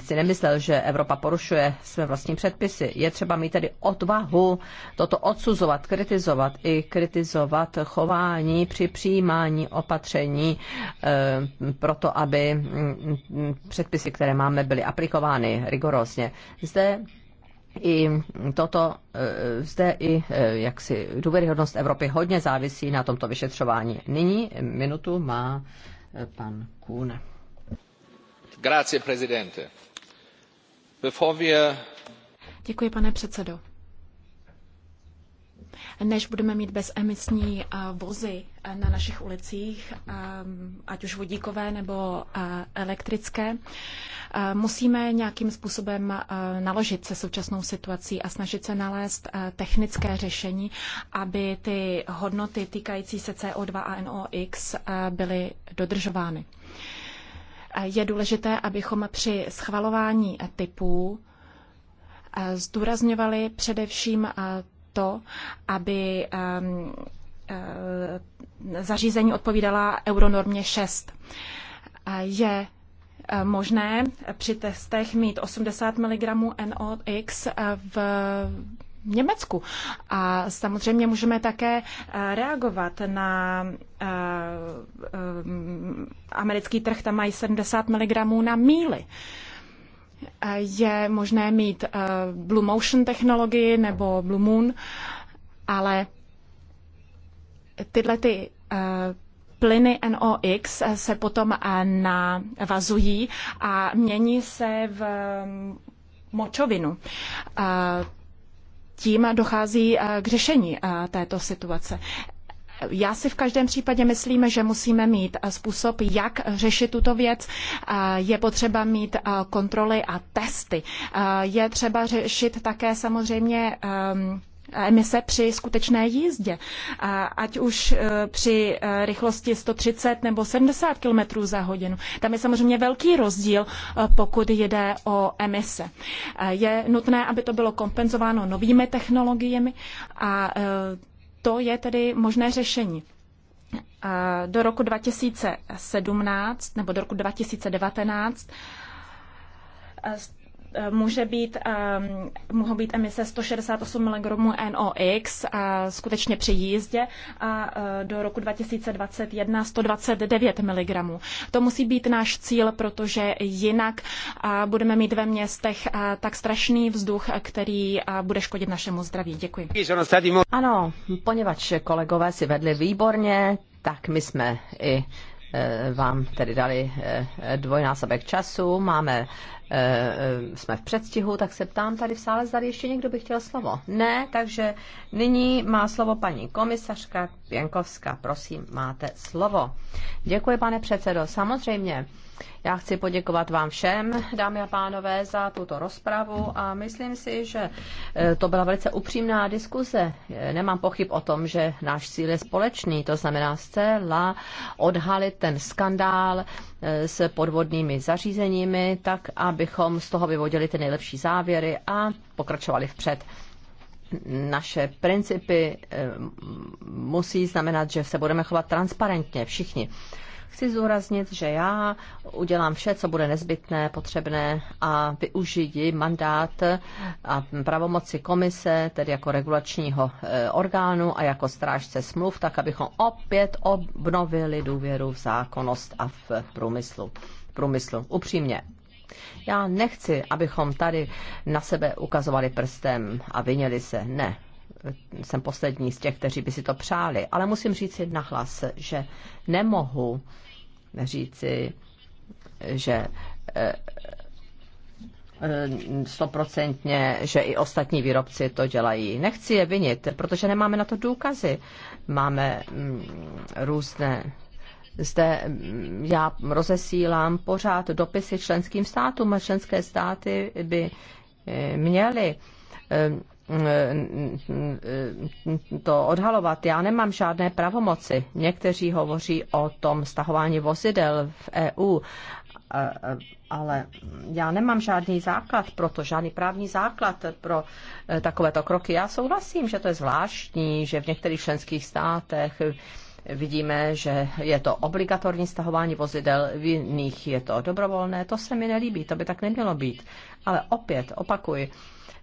si nemyslel, že Evropa porušuje své vlastní předpisy. Je třeba mít tedy odvahu toto odsuzovat, kritizovat i kritizovat chování při přijímání opatření eh, proto, aby mm, mm, předpisy, které máme, byly aplikovány rigorózně. Zde i toto eh, zde i eh, jaksi důvěryhodnost Evropy hodně závisí na tomto vyšetřování. Nyní minutu má eh, pan Kuhn. Grazie, prezidente. Děkuji, pane předsedo než budeme mít bezemisní eh, vozy eh, na našich ulicích, eh, ať už vodíkové nebo elektrické, musíme nějakým způsobem naložit se současnou situací a snažit se nalézt technické řešení, aby ty hodnoty týkající se CO2 a NOx byly dodržovány. Je důležité, abychom při schvalování typů zdůrazňovali především to, aby ehm, eh, zařízení odpovídala euronormě 6. Je eh, možné při testech mít 80 mg NOx v Německu. A samozřejmě můžeme také eh, reagovat na ehm, americký trh, tam mají 70 mg na míli je možné mít eh, Blue Motion technologii nebo Blue Moon, ale tyhle ty eh, plyny NOx se potom eh, navazují a mění se v mm, močovinu. Tím dochází k řešení této situace. Já si v každém případě myslím, že musíme mít eh, způsob, jak řešit tuto věc. Eh, je potřeba mít eh, kontroly a testy. Je třeba řešit také samozřejmě ehm, emise při skutečné jízdě. Ať už při rychlosti 130 nebo 70 km za hodinu. Tam je samozřejmě velký rozdíl, pokud jde o emise. Je nutné, aby to bylo kompenzováno novými technologiemi a to je tedy možné řešení. Do roku 2017 nebo do roku 2019 může být, mohou být emise 168 mg NOx skutečně při jízdě a e, do roku 2021 129 mg. To musí být náš cíl, protože jinak budeme mít ve městech tak strašný vzduch, který bude škodit našemu zdraví. Děkuji. Ano, poněvadž kolegové si vedli výborně, tak my jsme i Eh, vám tedy dali eh, dvojnásobek času, máme, eh, jsme v předstihu, tak se ptám tady v sále, zda ještě někdo by chtěl slovo. Ne, takže nyní má slovo paní komisařka Pěnkovská. Prosím, máte slovo. Děkuji, pane předsedo. Samozřejmě, já chci poděkovat vám všem, dámy a pánové, za tuto rozpravu a myslím si, že e, to byla velice upřímná diskuze. E, nemám pochyb o tom, že náš cíl je společný, to znamená zcela odhalit ten skandál e, s podvodnými zařízeními, tak abychom z toho vyvodili ty nejlepší závěry a pokračovali vpřed naše principy musí znamenat, že se budeme chovat transparentně všichni. Chci zúraznit, že já udělám vše, co bude nezbytné, potřebné a využiji mandát a pravomoci komise, tedy jako regulačního eh, orgánu a jako strážce smluv, tak abychom opět obnovili důvěru v zákonnost a v průmyslu. Průmyslu. Upřímně, já nechci, abychom tady na sebe ukazovali prstem a vyněli se. Ne, jsem poslední z těch, kteří by si to přáli, ale musím říct si nahlas, že nemohu říci, že eh, stoprocentně, že i ostatní výrobci to dělají. Nechci je vinit, protože nemáme na to důkazy. Máme mm, různé zde mm, já rozesílám pořád dopisy členským státům a členské státy by eh, měly eh, to odhalovat. Já nemám žádné pravomoci. Někteří hovoří o tom stahování vozidel v EU, ale já nemám žádný základ pro to, žádný právní základ pro eh, takovéto kroky. Já souhlasím, že to je zvláštní, že v některých členských státech vidíme, že je to obligatorní stahování vozidel, v jiných je to dobrovolné. To se mi nelíbí, to by tak nemělo být. Ale opět, opakuji,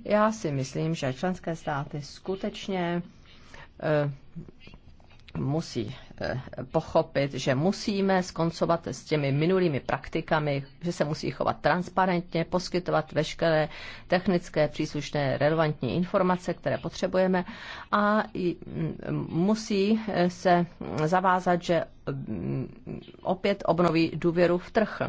já si myslím, že členské státy skutečně eh, musí eh, pochopit, že musíme skoncovat s těmi minulými praktikami, že se musí chovat transparentně, poskytovat veškeré technické, příslušné, relevantní informace, které potřebujeme a mm, musí eh, se zavázat, že mm, opět obnoví důvěru v trh.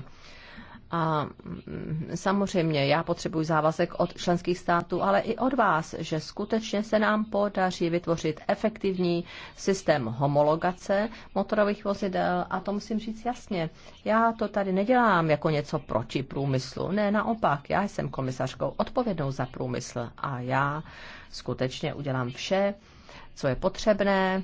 A mm, samozřejmě já potřebuji závazek od členských států, ale i od vás, že skutečně se nám podaří vytvořit efektivní systém homologace motorových vozidel a to musím říct jasně. Já to tady nedělám jako něco proti průmyslu. Ne, naopak, já jsem komisařkou odpovědnou za průmysl a já skutečně udělám vše, co je potřebné,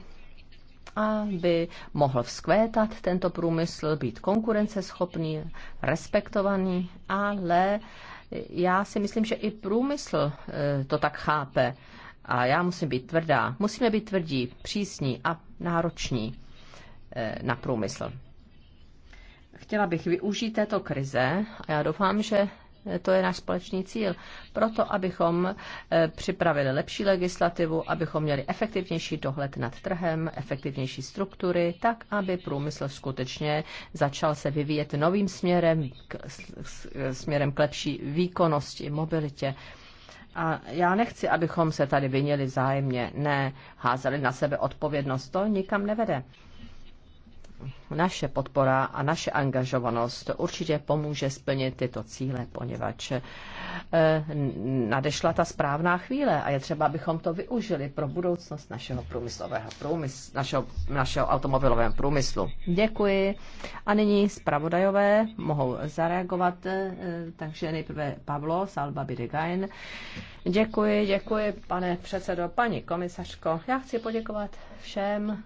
aby mohl vzkvétat tento průmysl, být konkurenceschopný, respektovaný, ale já si myslím, že i průmysl e, to tak chápe. A já musím být tvrdá. Musíme být tvrdí, přísní a nároční e, na průmysl. Chtěla bych využít této krize a já doufám, že to je náš společný cíl. Proto, abychom eh, připravili lepší legislativu, abychom měli efektivnější dohled nad trhem, efektivnější struktury, tak, aby průmysl skutečně začal se vyvíjet novým směrem, k, směrem k lepší výkonnosti, mobilitě. A já nechci, abychom se tady vinili vzájemně, ne házeli na sebe odpovědnost, to nikam nevede naše podpora a naše angažovanost určitě pomůže splnit tyto cíle, poněvadž eh, nadešla ta správná chvíle a je třeba, abychom to využili pro budoucnost našeho průmyslového průmysl, našeho, našeho automobilového průmyslu. Děkuji. A nyní zpravodajové mohou zareagovat, eh, takže nejprve Pavlo Salba Bidegain. Děkuji, děkuji, pane předsedo, paní komisařko. Já chci poděkovat všem,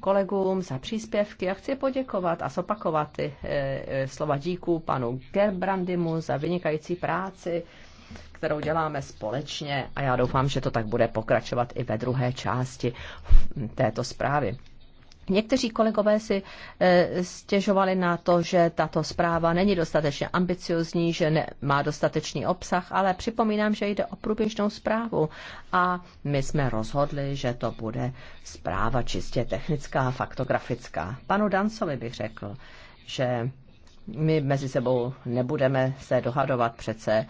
kolegům za příspěvky a chci poděkovat a zopakovat ty eh, eh, slova díků panu Gerbrandimu za vynikající práci, kterou děláme společně a já doufám, že to tak bude pokračovat i ve druhé části této zprávy. Někteří kolegové si eh, stěžovali na to, že tato zpráva není dostatečně ambiciozní, že nemá dostatečný obsah, ale připomínám, že jde o průběžnou zprávu a my jsme rozhodli, že to bude zpráva čistě technická, faktografická. Panu Dancovi bych řekl, že my mezi sebou nebudeme se dohadovat přece,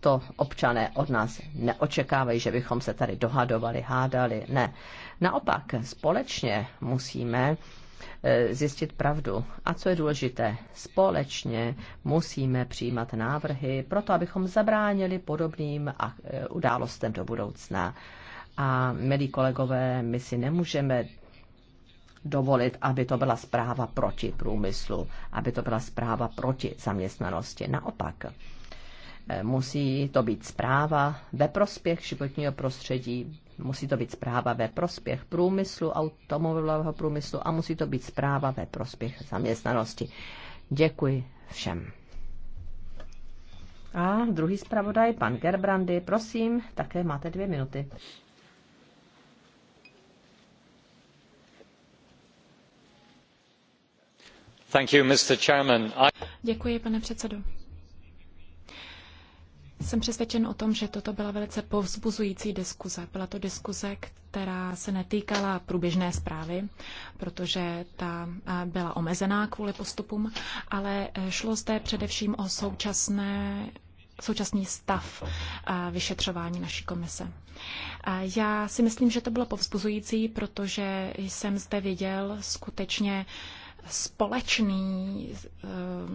to občané od nás neočekávají, že bychom se tady dohadovali, hádali, ne Naopak, společně musíme eh, zjistit pravdu. A co je důležité? Společně musíme přijímat návrhy proto, abychom zabránili podobným eh, událostem do budoucna. A, milí kolegové, my si nemůžeme dovolit, aby to byla zpráva proti průmyslu, aby to byla zpráva proti zaměstnanosti. Naopak, eh, musí to být zpráva ve prospěch životního prostředí, Musí to být zpráva ve prospěch průmyslu, automobilového průmyslu a musí to být zpráva ve prospěch zaměstnanosti. Děkuji všem. A druhý zpravodaj, pan Gerbrandy, prosím, také máte dvě minuty. Thank you, Mr. Chairman. I... Děkuji, pane předsedo. Jsem přesvědčen o tom, že toto byla velice povzbuzující diskuze. Byla to diskuze, která se netýkala průběžné zprávy, protože ta byla omezená kvůli postupům, ale e, šlo zde především o současné současný stav vyšetřování naší komise. Já si myslím, že to bylo povzbuzující, protože jsem zde viděl skutečně společný, e,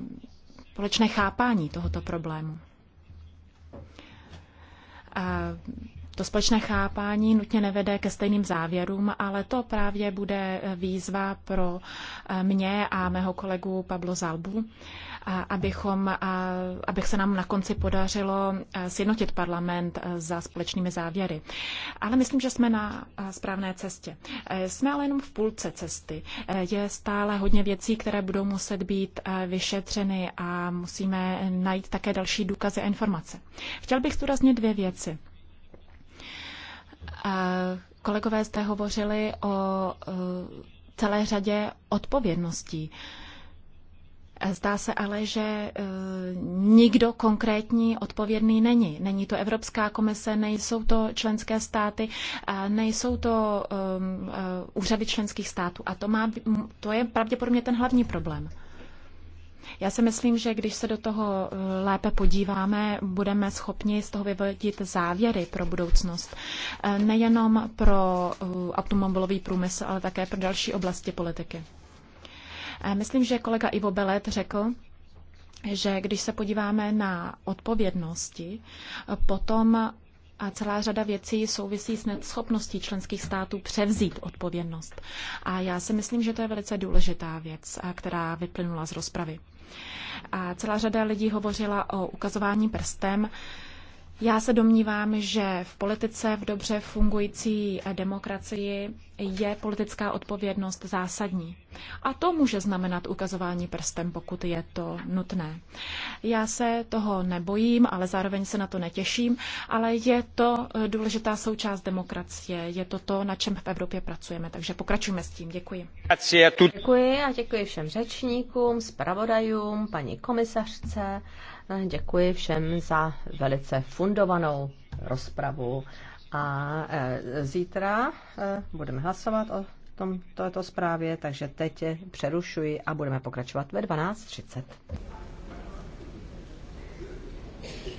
společné chápání tohoto problému. To společné chápání nutně nevede ke stejným závěrům, ale to právě bude výzva pro eh, mě a mého kolegu Pablo Zalbu, abychom, abych se nám na konci podařilo sjednotit parlament za společnými závěry. Ale myslím, že jsme na správné cestě. E, jsme ale jenom v půlce cesty. E, je stále hodně věcí, které budou muset být e, vyšetřeny a musíme najít také další důkazy a informace. Chtěl bych zdůraznit dvě věci. Kolegové jste hovořili o celé řadě odpovědností. Zdá se ale, že e, nikdo konkrétní odpovědný není. Není to Evropská komise, nejsou to členské státy, nejsou to um, e, úřady členských států. A to, má, to je pravděpodobně ten hlavní problém. Já si myslím, že když se do toho e, lépe podíváme, budeme schopni z toho vyvodit závěry pro budoucnost. Nejenom pro automobilový průmysl, ale také pro další oblasti politiky. Myslím, že kolega Ivo Belet řekl, že když se podíváme na odpovědnosti, potom a celá řada věcí souvisí s neschopností členských států převzít odpovědnost. A já si myslím, že to je velice důležitá věc, která vyplynula z rozpravy. A celá řada lidí hovořila o ukazování prstem já se domnívám, že v politice v dobře fungující demokracii je politická odpovědnost zásadní. A to může znamenat ukazování prstem, pokud je to nutné. Já se toho nebojím, ale zároveň se na to netěším, ale je to důležitá součást demokracie, je to to, na čem v Evropě pracujeme, takže pokračujeme s tím. Děkuji. Děkuji a děkuji všem řečníkům, zpravodajům, paní komisařce Děkuji všem za velice fundovanou rozpravu a e, zítra e, budeme hlasovat o tom, této zprávě, takže teď přerušuji a budeme pokračovat ve 12.30.